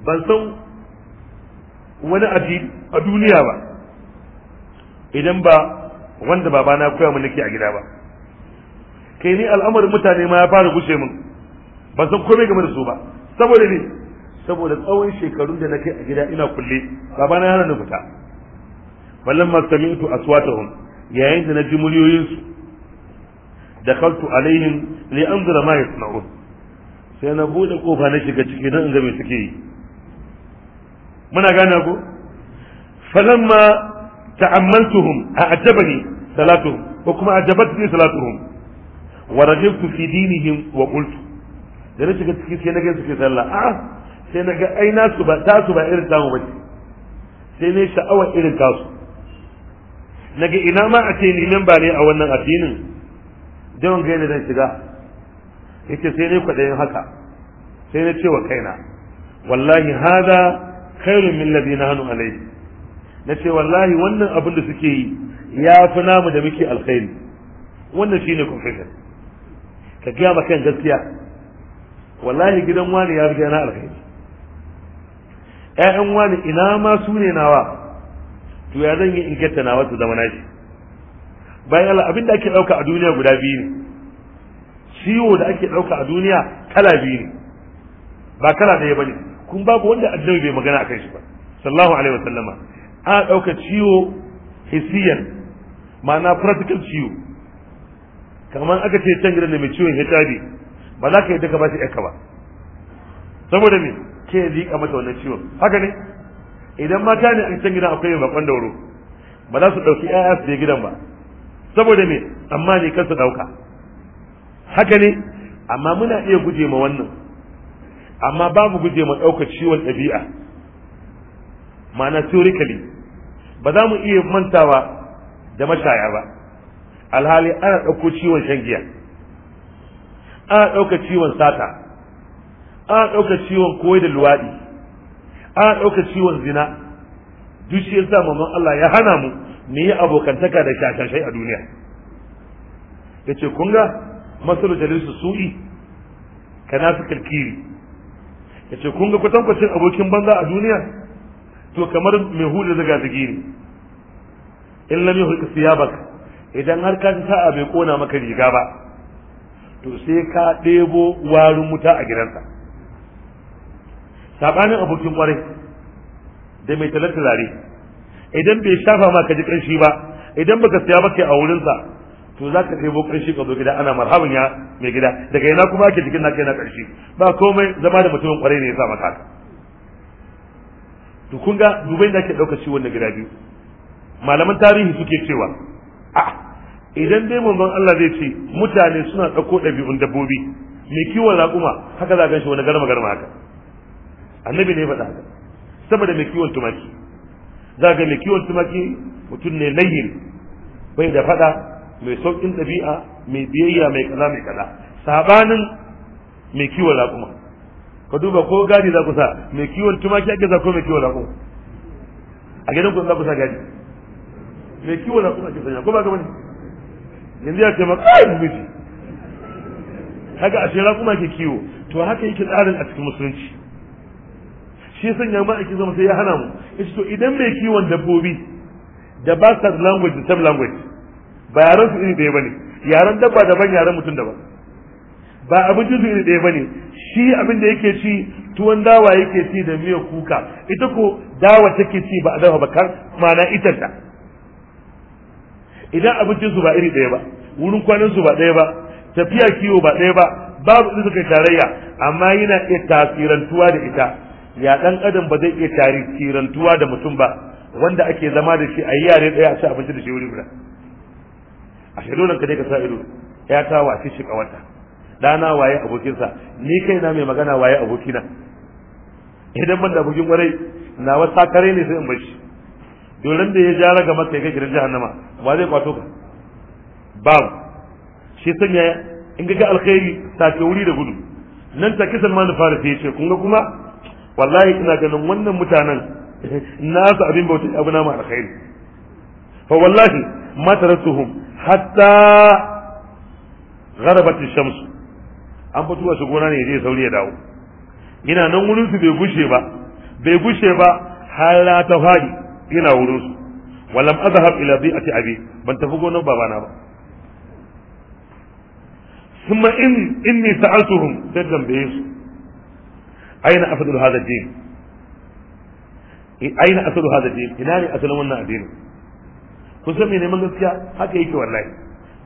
ban san wani abi a duniya ba idan ba wanda babana koya mun nake a gida ba kai ni al'amarin mutane ma ya fara gushe min ban san komai game da su ba saboda ne saboda tsawon shekarun da nake a gida ina kulle babana yana na fita falamma sami'tu aswatahum yayin da na ji muryoyinsu dakhaltu alaihim li anzura ma yasma'un sai na bude kofa na shiga ciki don in ga me suke yi muna gane ko falamma ta'ammaltuhum a'jabani salatu ko kuma a'jabatni salatuhum wa raghibtu fi dinihim wa qultu da na shiga ciki sai na ga suke sallah a sai na ga ai na su ba ta su ba irin tamu bace sai ne sha'awa irin tasu na ga ina ma a ce ni nan ba ne a wannan addinin don ga yadda zan shiga yake sai ne kwaɗayin haka sai na cewa kaina wallahi hada khairun min ladhi nahnu alayhi nace wallahi wannan abin da suke yi ya fi namu da muke alkhairi wannan shine confession ka gaya kan gaskiya wallahi gidan wani ya fi na alkhairi ƴaƴan wani ina ma sune nawa to ya zan yi in nawa su zama nashi bayan Allah abin da ake ɗauka a duniya guda biyu ne ciwo da ake ɗauka a duniya kala biyu ne ba kala ɗaya ba ne kun babu wanda annabi bai magana a kai shi ba sallallahu alaihi wasallama a ɗauka ciwo hisiyan ma'ana practical ciwo kamar aka ce can gidan da mai ciwon hijabi ba za ka yi daga ba shi yaka ba saboda me ke liƙa mata wannan ciwon haka ne idan mata ne a can gidan akwai bakon dauro ba za su ɗauki 'ya'ya su je gidan ba saboda me amma ne kansu ɗauka haka ne amma muna iya guje ma wannan amma babu guje ma ɗaukar ciwon ɗabi'a ma'ana theoretically ba za mu iya mantawa da mashaya ba alhali ana ɗauko ciwon shan ana ɗauka ciwon sata ana ɗauka ciwon koyi da luwaɗi ana ɗauka ciwon zina duk shi yasa mamman Allah ya hana mu mu yi abokantaka da shashashai a duniya yace kun ga masalu jalisu su'i kana su kalkiri yace kun ga kwatankwacin abokin banza a duniya to kamar mai hudu zaga zagi ne in lam ya baka idan har ka sa'a bai kona maka riga ba to sai ka ɗebo warin wuta a gidansa sabanin abokin kwarai da mai talar idan bai shafa ma ka ji ba idan baka siya ba kai a wurinsa to za ka kai bokar shi ka zo gida ana marhaban ya mai gida daga yana kuma ake jikin naka yana karshe ba komai zama da mutumin kwarai ne ya sa maka to kun ga dubai da ke ɗaukar shi gida biyu malaman tarihi suke cewa a idan dai manzon Allah zai ce mutane suna ɗauko ɗabi'un dabbobi mai kiwon raƙuma haka za a ganshi wani garma garma haka annabi ne ya faɗa haka saboda mai kiwon tumaki za ga mai kiwon tumaki mutum ne layyin bai da faɗa mai saukin ɗabi'a mai biyayya mai kaza mai kaza sabanin mai kiwon raƙuma ka duba ko gadi za ku sa mai kiwon tumaki ake sa ko mai kiwon raƙuma a gidan ku za ku sa gadi mai kiwon raƙuma ake sanya ko ba ka bane yanzu ya ce ma kai miji haka a shi raƙuma ke kiwo to haka yake tsarin a cikin musulunci shi sanya ma ake zama sai ya hana mu Ya ce to idan mai kiwon dabbobi da ba sa language da sub language ba yaran su iri ɗaya bane yaran dabba daban yaran mutum daban ba abincin su iri ɗaya bane shi abin da yake ci tuwon dawa yake ci da miyar kuka ita ko dawa take ci ba a dafa ba kan mana ita ta idan abincin su ba iri ɗaya ba wurin kwanan su ba ɗaya ba tafiya kiwo ba ɗaya ba babu inda suka tarayya amma yana iya tasirantuwa da ita ya dan adam ba zai iya tasirantuwa da mutum ba wanda ake zama da shi a yi yare ɗaya a ci abinci da shi wuri guda a shaidonan ka dai ka sa ido ya ta wace shi kawata dana waye abokinsa ni kaina mai magana waye abokina idan ban da abokin warai na wata kare ne sai in bar shi da ya ja raga maka ya kai gidan jahannama ba zai kwato ka babu shi sanya in ga alkhairi ke wuri da gudu nan ma na fara fiye ce kun kuma wallahi ina ganin wannan mutanen [LAUGHS] na su abin bauta abu na alkhairi fa wallahi ma tarasuhum hatta غربت الشمس an fito wasu gona ne zai sauri ya dawo ina nan wurin su bai gushe ba bai gushe ba har ta fadi ina wurin su walam azhab ila bi'ati abi ban tafi gonar babana ba ثم إن إني سألتهم سرا بإيش أين أسد هذا الدين hada أسد هذا الدين asalin wannan الدين ku san me neman gaskiya haka yake wallahi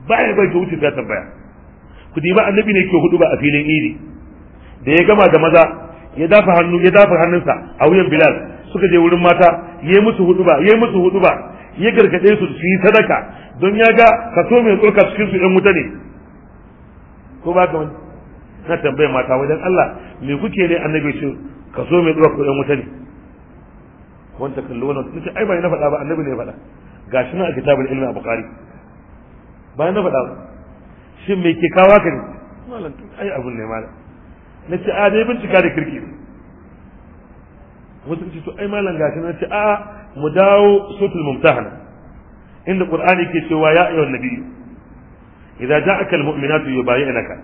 ba ya bai ta wuce ta tambaya ku ba annabi ne ke hudu ba a filin iri da ya gama da maza ya dafa hannu ya dafa hannunsa a wuyan bilal suka je wurin mata yayi musu hudu ba yayi musu hudu ba ya gargade su su yi sadaka don ya ga kaso mai tsoka cikin su ɗan wuta ne ko ba ka wani na tambayar mata wajen Allah me kuke ne annabi shi kaso mai tsoka ɗan wuta ne wanda kallo wannan ai ba ni na faɗa ba annabi ne ya faɗa shi nan a kitabul ilmi a bukhari bayan na faɗa shin me ke kawa ka ne malam ai abun ne malam na ce a dai bincika da kirki wasu ce to ai malam shi na ce a mu dawo sutul mumtahana inda qur'ani ke cewa ya ayyuhan nabiyyu idza ja'aka almu'minatu yubayyinaka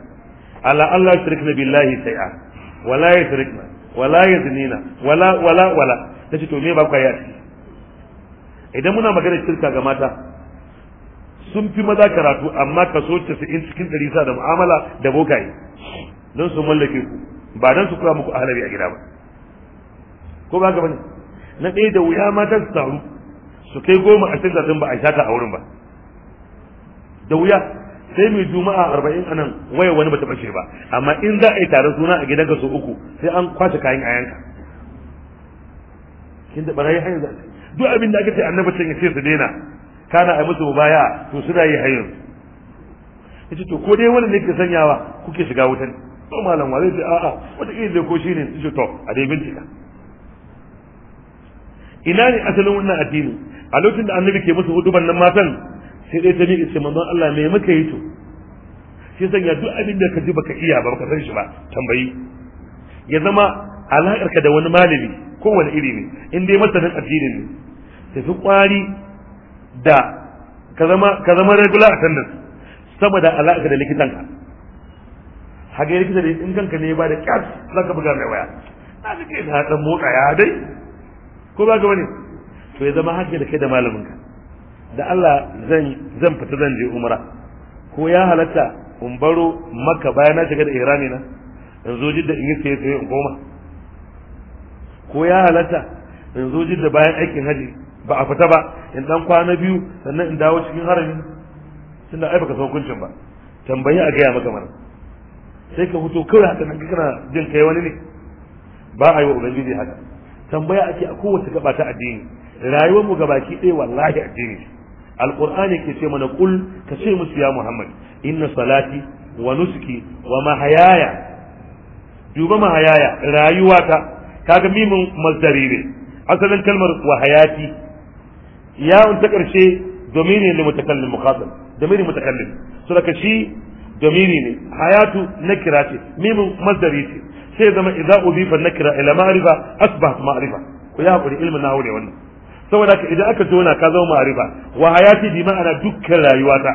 ala alla yushrikna billahi sai'a wala yashrikna wala yaznina wala wala wala nace to me ba ku yi idan muna magana shirka ga mata sun fi maza karatu amma kaso 90 cikin 100 sa da mu'amala da bokaye don su mallake ku ba don su kura muku ahlabi a gida ba ko ba ga bane na ɗaya da wuya mata su taru su kai goma a cikin zafin ba a shata a wurin ba da wuya sai mai juma'a arba'in anan waya wani bata bace ba amma in za a yi taron suna a gidan ka so uku sai an kwace kayan ayanka kin da barayi har duk abin da aka ce annabi can ya ce su daina kana a musu baya to suna yi hayin yace to ko dai wani ne ke sanyawa kuke shiga wutan to malam wa zai ce a'a wata kila da ko shine su to a dai bincika ina ne asalin wannan addini a lokacin da annabi ke musu huduban nan matan sai dai ta miƙe ce manzon Allah me muka yi to sai sanya duk abin da ka ji baka iya ba baka san shi ba tambayi ya zama ka da wani malami kowane iri ne in dai masanin addini ne tafi kwari da ka zama regular attendance alaƙar da likitan da likitanka likita da in kanka ne ba da kyas za ka buga mai waya na ji kai da dan motsa ya dai ko ba ga wani to ya zama haka da kai da malaminka da Allah zan zan fita zan je umra ko ya halatta in baro makka bayan na shiga da irani na in zo jidda in yi sai sai in koma ko ya halatta in zo jidda bayan aikin haji ba a fita ba in dan kwana biyu sannan in dawo cikin harami tunda ai baka san hukuncin ba tambayi a gaya maka mana sai ka fito kawai haka nan kana jin kai wani ne ba a yi wa ubangiji haka tambaya ake a kowace gaba ta addini rayuwar mu gabaki ɗaya wallahi addini alqur'ani ke ce mana kul ka ce musu ya muhammad inna salati wa nusuki wa mahayaya duba mahayaya rayuwata kaga mimin masdari ne asalin kalmar wa hayati yawon ta karshe domini ne mutakallim mukhatab domini mutakallim so daga shi domini ne hayatu nakira ce mimin masdari ce sai zama idza udifa nakira ila ma'rifa asbahat ma'rifa ku ya hakuri ilmin nahu ne wannan saboda ka idan aka tona ka zama ma'rifa wa hayati bi ma'ana dukkan rayuwata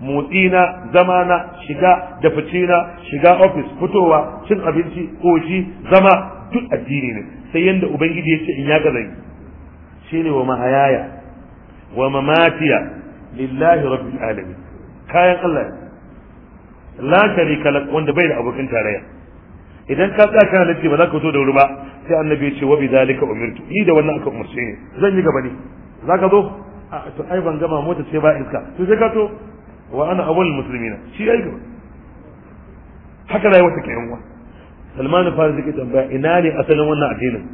motsina zamana shiga da ficina shiga ofis fitowa cin abinci koshi zama duk addini ne sai yanda ubangiji ya ce in ya gaza yi shine wa mahayaya wa mamatiya lillahi rabbil alamin kayan Allah ne la sharika lak wanda bai da abokin tarayya idan ka tsaya kana lati ba za ka fito da wuri ba sai annabi ya ce wa bidhalika umirtu ni da wannan aka umarce ni zan yi gaba ne za ka zo a to ai ban gama mota sai ba iska to sai ka to wa ana awwal muslimina shi ai gaba haka dai take yan uwa salman farisi ke tambaya ina ne asalin wannan addinin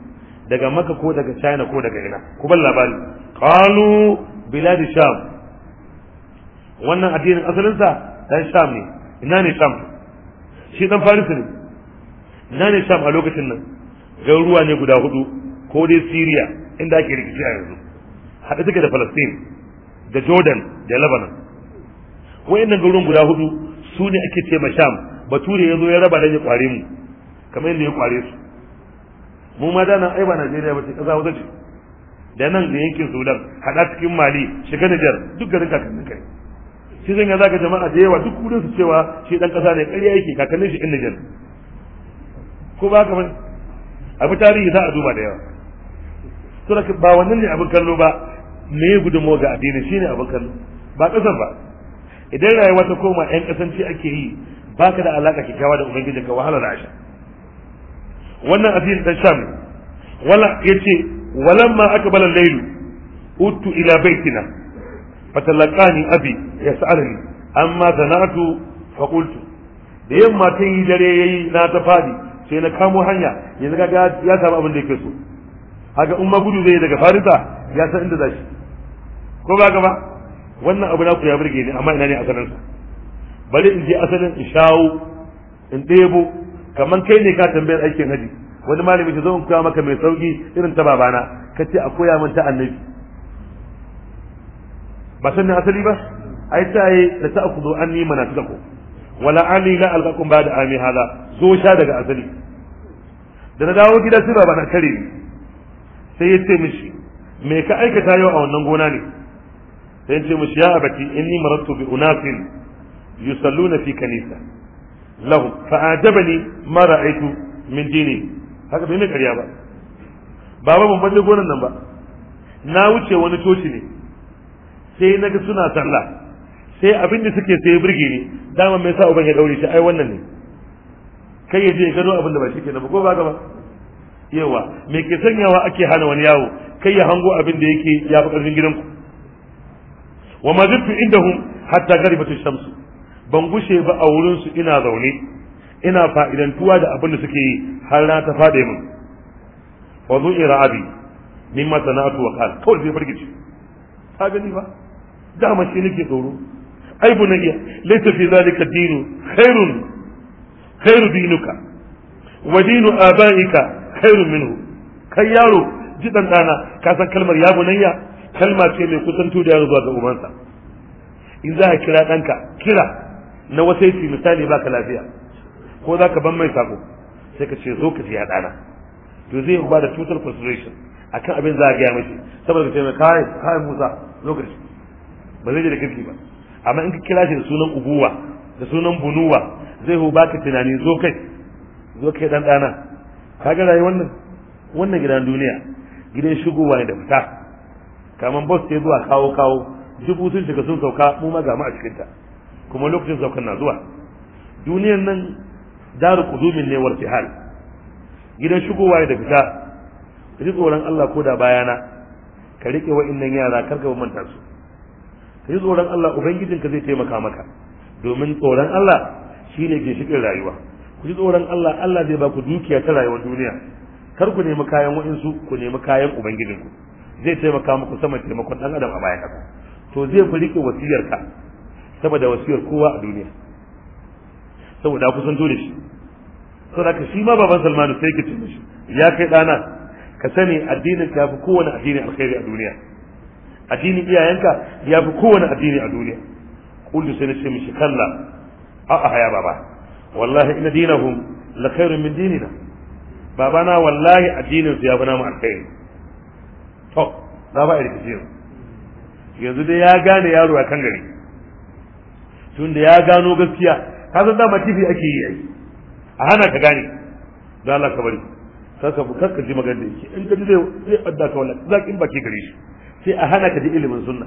daga maka ko daga china ko daga ina ku bar labari qalu bilad sham wannan addinin asalin sa dan sham ne ina ne sham shi dan farisi ne ina ne sham a lokacin nan garuruwa ne guda hudu ko dai syria inda ake rikici a yanzu haɗe take da palestine da jordan da lebanon wayannan garuruwan guda hudu su ne ake ce ma sham bature ya zo ya raba da ya kware mu kamar yadda ya kware su mu ma da nan ai ba Najeriya ba ce ƙasa wata ce da nan da yankin Sudan hada cikin Mali shiga Nijar duk garin kakannin kai shi zan ga zaka jama'a da yawa duk kudin su cewa shi dan kasa ne ƙarya yake kakannin shi in Nijar ko ba kamar abu tarihi za a duba da yawa to ba wannan ne abin kallo ba me ya gudunmu ga addini shine abin kallo ba kasar ba idan rayuwa ta koma yan kasance ake yi baka da alaka kikawa da ubangiji ka wahala da asha wannan aziz dan sham wala yace walamma aka al lailu. uttu ila baitina fatalaqani abi sa'arani. amma zanatu faqultu da yamma ta yi dare yayi na ta fadi sai na kamo hanya yanzu kaga ya samu abin da yake so haka in gudu zai daga farisa ya san inda zashi ko ba ba wannan abu na ku ya burge ni amma ina ne a sa bari in je asalin in shawo in ɗebo kamar kai ne ka tambayar aikin haji wani malami ta zo in koya maka mai sauki irin ta babana ka ce a koya min ta annabi ba san asali ba ai ta yi da ta akudu an ni mana tuka wala ali la alqakum ba'da ami hala zo sha daga asali da na dawo gida sai babana kare ni sai ya ce mishi me ka aikata yau a wannan gona ne sai ya ce mishi ya abati inni marattu bi unasin yusalluna fi kanisa lahum fa ajabani ma ra'aytu min dini haka bai mai ƙarya ba baba ban baje gonan nan ba na wuce wani coci ne sai naga suna sallah sai abin da suke sai burge ni dama mai sa uban ya daure shi ai wannan ne kai ya je ya gano abin da ba shi kenan ba ko ba gaba yawa me ke sanyawa ake hana wani yawo kai ya hango abin da yake ya fi karfin gidanku wa ma zittu indahum hatta garibatu shamsu ban gushe ba a wurinsu ina zaune ina fa'idantuwa da abin da suke yi har na ta faɗe min wa zo ira abi min ma sana'atu wa qal kawai sai farkici ta gani ba ma shi nake tsoro ai bunayya laysa fi zalika dinu khairun khairu dinuka wa dinu abaika khairun minhu kai yaro ji dan dana ka san kalmar ya bunayya kalma ce mai kusantu da yaro zuwa ga ubansa in za ka kira ɗanka kira na wasaiti misali ba ka lafiya ko za ka ban mai sako sai ka ce zo ka siya ɗana to zai ba da total a kan abin za a gaya mashi saboda ka ce kai kai musa zo ba zai je da kirki ba amma in ka kira shi da sunan ubuwa da sunan bunuwa zai ho baka tunani zo kai zo kai dan ɗana ka ga rayuwar wannan wannan gidan duniya gidan shigowa ne da fita kamar bus sai zuwa kawo kawo dubu sun shiga sun sauka mu ma ga mu a cikinta kuma lokacin saukan na zuwa duniyar nan daru kudumin ne hal gidan shigowa da fita ka ji tsoron Allah ko da bayana ka riƙe wa'innan yara kar ka manta su ka ji tsoron Allah ka zai taimaka maka domin tsoron Allah shine ginshiƙin rayuwa ku ji tsoron Allah Allah zai baku dukiya ta rayuwar duniya kar ku nemi kayan wa'insu ku nemi kayan ubangijinku zai taimaka muku sama taimakon ɗan adam a bayan to zai ku rike wasiyarka saboda wasiyar kowa a duniya saboda ku sun shi saboda ka shi ma baban salmanu sai ke tunda shi ya kai ɗana ka sani addinin ka fi kowane addini alkhairi a duniya addinin iyayenka ya fi kowane addini a duniya kullu sai na ce mishi kalla a'a haya baba wallahi inna dinahum la khairun min dinina babana wallahi addinin su ya fi namu alkhairi to za ba a rikice yanzu dai ya gane yaro a kan gari tunda ya gano gaskiya ka san dama tifi ake yi ai a hana ka gane da Allah ka bari kaka kaka ji magana da yake in ka ji zai zai adda ka in zakin baki gare shi sai a hana ka ji ilimin sunna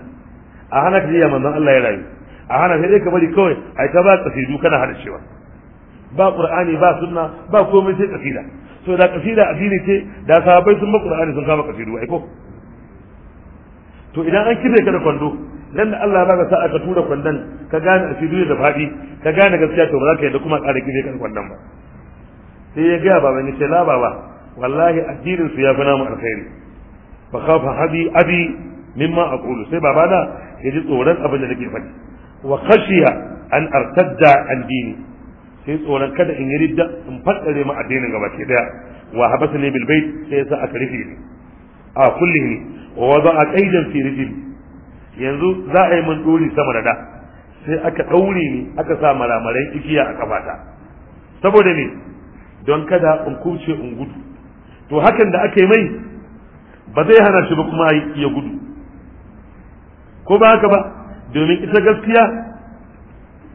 a hana ka ji ya manzon Allah ya rayu a hana sai dai ka bari kawai ai ta ba kasidu kana hada cewa ba qur'ani ba sunna ba komai sai kasida so da kasida addini ce da sahabbai sun ba qur'ani sun kama kasidu ai ko to idan an kibe ka da kwando dan Allah ba ka sa aka tura kwandon ka gane a cikin da faɗi ka gane gaskiya to ba za ka yi da kuma ƙara kire kan kwandon ba sai ya gaya baban ya ce la baba wallahi addinin su ya fi namu alkhairi fa khafa hadi abi mimma aqulu sai baba da ya ji tsoron abin da nake faɗi wa khashiya an artadda an dini sai tsoron kada in yi ridda in faddare ma addinin gaba ke daya wa habasani bil bait sai ya sa aka rufe ni a kullihim wa wada'a kaidan fi rijli yanzu za a yi mun dori sama da da sai aka ɗaure ni aka sa maramarai igiya a kafata saboda ne don kada in kuce in gudu to hakan da aka yi mai ba zai hana shi ba kuma ya gudu ko ba haka ba domin ita gaskiya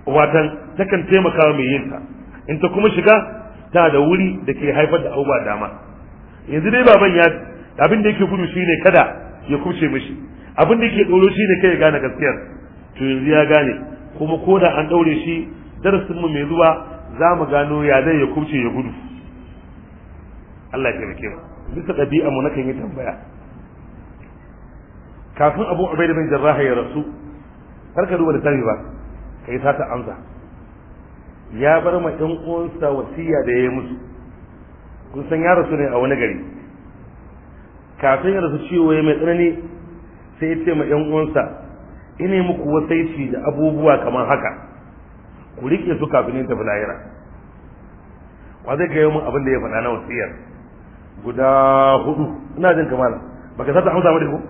watan takan taimaka mai yinta in ta kuma shiga ta da wuri da ke haifar da abubuwa dama yanzu dai baban ya abin da yake gudu shine kada ya kuce mishi abin da ke tsoro ne kai ya gane gaskiyar to yanzu ya gane kuma ko da an daure shi darasin mu mai zuwa za mu gano ya zai ya kuce ya gudu Allah ya taimake mu bisa ɗabi'a mu nakan yi tambaya kafin Abu Ubaid bin Jarrah ya rasu kar ka duba da tabi ba kai ta ta amsa ya bar ma ɗan uwansa wasiya da ya yi musu kun san ya rasu ne a wani gari kafin ya rasu ciwo ya mai tsanani sai ya ce ma ‘yan uwansa ina muku wasaici da abubuwa kamar haka ku rike su kafin yin tafi lahira wa zai gaya mun abin da ya faɗa na wasiyar guda hudu ina jin kamala baka sa ta amsa ba da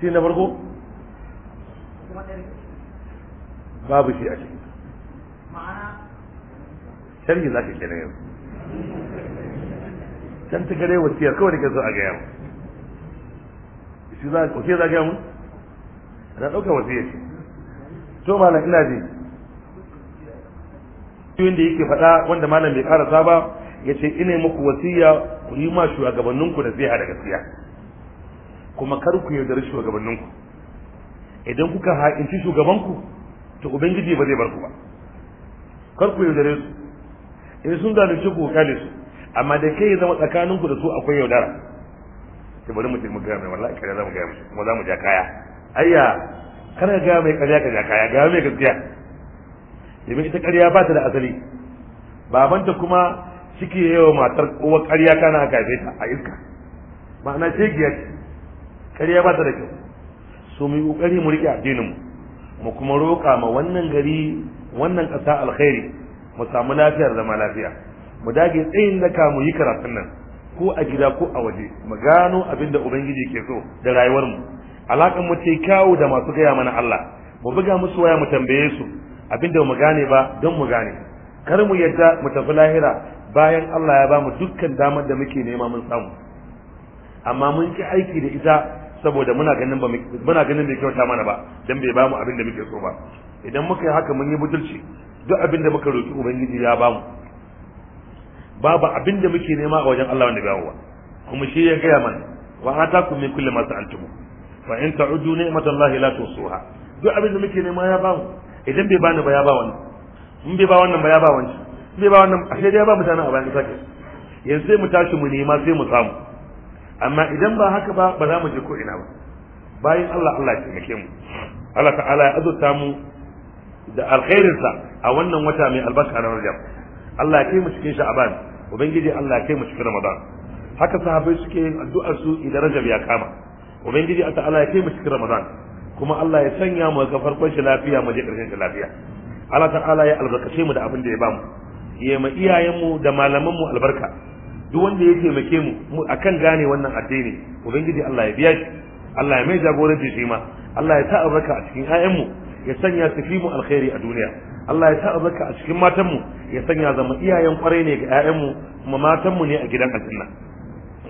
shi na farko babu shi a cikin Ma'ana. sharhi za ka kenan yanzu can ta gare wasiyar kawai da ka zo a gaya mu shi za wasiyar za a gaya mu na ɗauka wasiyar shi to malam ina ji yun da yake faɗa wanda malam bai karasa ba ya ce ina muku wasiyya ku yi ma shugabanninku da zai da gaskiya kuma kar ku yaudari shugabanninku idan kuka ha'inci shugabanku to ubangiji ba zai bar ku ba kar ku yaudare su in sun zalunce ku kale su amma da kai ya zama tsakanin ku da su akwai yaudara ki bari mu tilmi gaya mai wallahi kare za mu gaya musu kuma za mu ja kaya ayya kar ka gaya mai kariya ka ja kaya gaya mai gaskiya domin ita kariya ba ta da asali babanta kuma suke yawa matar uwa kariya kana a haife ta a iska ma'ana ce ce kariya ba ta da kyau so mu yi kokari mu rike addinin mu mu kuma roƙa ma wannan gari wannan ƙasa alkhairi mu samu lafiyar zama lafiya mu dage tsayin daka mu yi karatun nan ko a gida ko a waje mu gano abin da ubangiji ke so da rayuwarmu alakan mu ce kyawu da masu gaya mana Allah mu buga musu waya mu tambaye su abin da mu gane ba don mu gane kar mu yadda mu tafi lahira bayan Allah ya ba mu dukkan damar da muke nema mun samu amma mun ki aiki da ita saboda muna ganin ba muna ganin bai kyauta mana ba dan bai ba mu abin da muke so ba idan muka yi haka mun yi butulci duk abin da muka roki ubangiji ya bamu babu abin da muke nema a wajen Allah wanda bai wa kuma shi ya gaya mana wa atakum min kulli ma sa'altum fa in ta'udu Allah la tusuha duk abin da muke nema ya bamu idan bai bani ba ya ba wani in bai ba wannan ba ya ba wani bai ba wannan ashe dai ya ba mutane a bayan sake yanzu sai mu tashi mu nema sai mu samu amma idan ba haka ba ba za mu je ko ina ba bayan Allah Allah ya taimake mu Allah ta'ala ya azurta mu da alkhairinsa a wannan wata mai albarka na Rajab Allah ya kai mu cikin Sha'ban ubangiji Allah ya kai mu cikin Ramadan haka sahabbai suke yin addu'ar su idan Rajab ya kama ubangiji Allah ya kai mu cikin Ramadan kuma Allah ya sanya mu ga farkon shi lafiya mu je karshen shi lafiya Allah ta'ala ya albarkace mu da abin da ya bamu ya ma iyayen mu da malaman mu albarka duk wanda ya taimake mu mu akan gane wannan addini ubangiji Allah ya biya shi Allah ya mai jagoranci shi ma Allah ya sa albarka a cikin 'ya'yan ya sanya su fi mu alkhairi a duniya Allah ya sa albarka a cikin matanmu ya sanya zama iyayen kwarai ne ga 'ya'yanmu kuma matanmu ne a gidan aljanna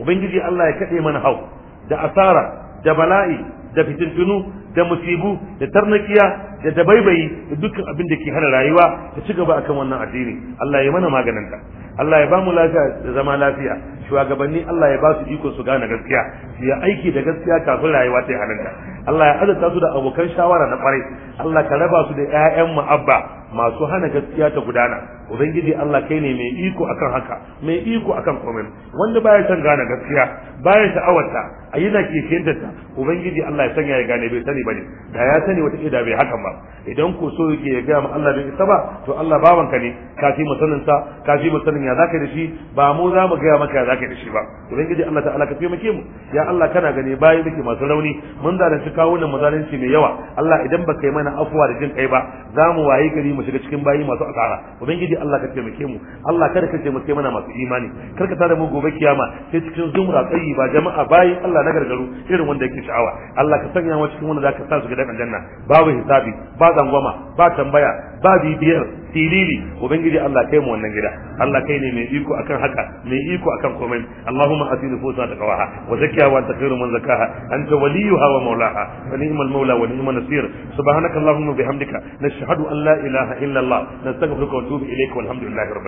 ubangiji Allah ya kaɗe mana hau da asara da bala'i da fitintunu da musibu da tarnakiya da dabaibayi da dukkan abin da ke hana rayuwa ta ci gaba akan wannan addini Allah ya mana maganin ta Allah ya ba mu lafiya da zama lafiya shugabanni Allah ya ba su iko su gane gaskiya su yi aiki da gaskiya kafin rayuwa ta halinta Allah ya azurta su da abokan shawara na kwarai Allah ka raba su da ƴaƴan mu'abba masu hana gaskiya ta gudana ubangiji Allah kai ne mai iko akan haka mai iko akan komai wanda baya san gane gaskiya baya sha'awarta a yana kishiyar ta ubangiji Allah ya sanya ya gane bai sani bane da ya sani wata ida bai hakan ba idan ko so yake ya ga mu Allah bai isa ba to Allah bawanka ne kafi mu sa kafi mu ya zaka da shi ba mu za mu gaya maka ya zaka da shi ba ubangiji Allah ta'ala ka taimake mu ya Allah kana gani bayi muke masu rauni mun zalunci kawunan mu zalunci mai yawa Allah idan ba kai mana afuwa da jin kai ba za mu wayi gari mu shiga cikin bayi masu asara ubangiji Allah ka taimake mu Allah kada ka taimake mana masu imani kar ka tada mu gobe kiyama sai cikin zumra tsayi ba jama'a bayi Allah na gargaru irin wanda yake sha'awa Allah ka sanya mu cikin wanda zaka sa su ga aljanna babu hisabi ba zangwama ba tambaya ba bibiyar silili ubangiji Allah kai mu wannan gida Allah kai ne mai iko akan haka mai iko akan komai Allahumma ati nufusana taqwaha wa zakkiha wa anta khairu man zakkaha anta waliyuha wa mawlaha fa ni'mal mawla wa ni'mal nasir subhanaka allahumma bihamdika nashhadu an la ilaha illa Allah nastaghfiruka wa natubu ilayka walhamdulillahi rabbil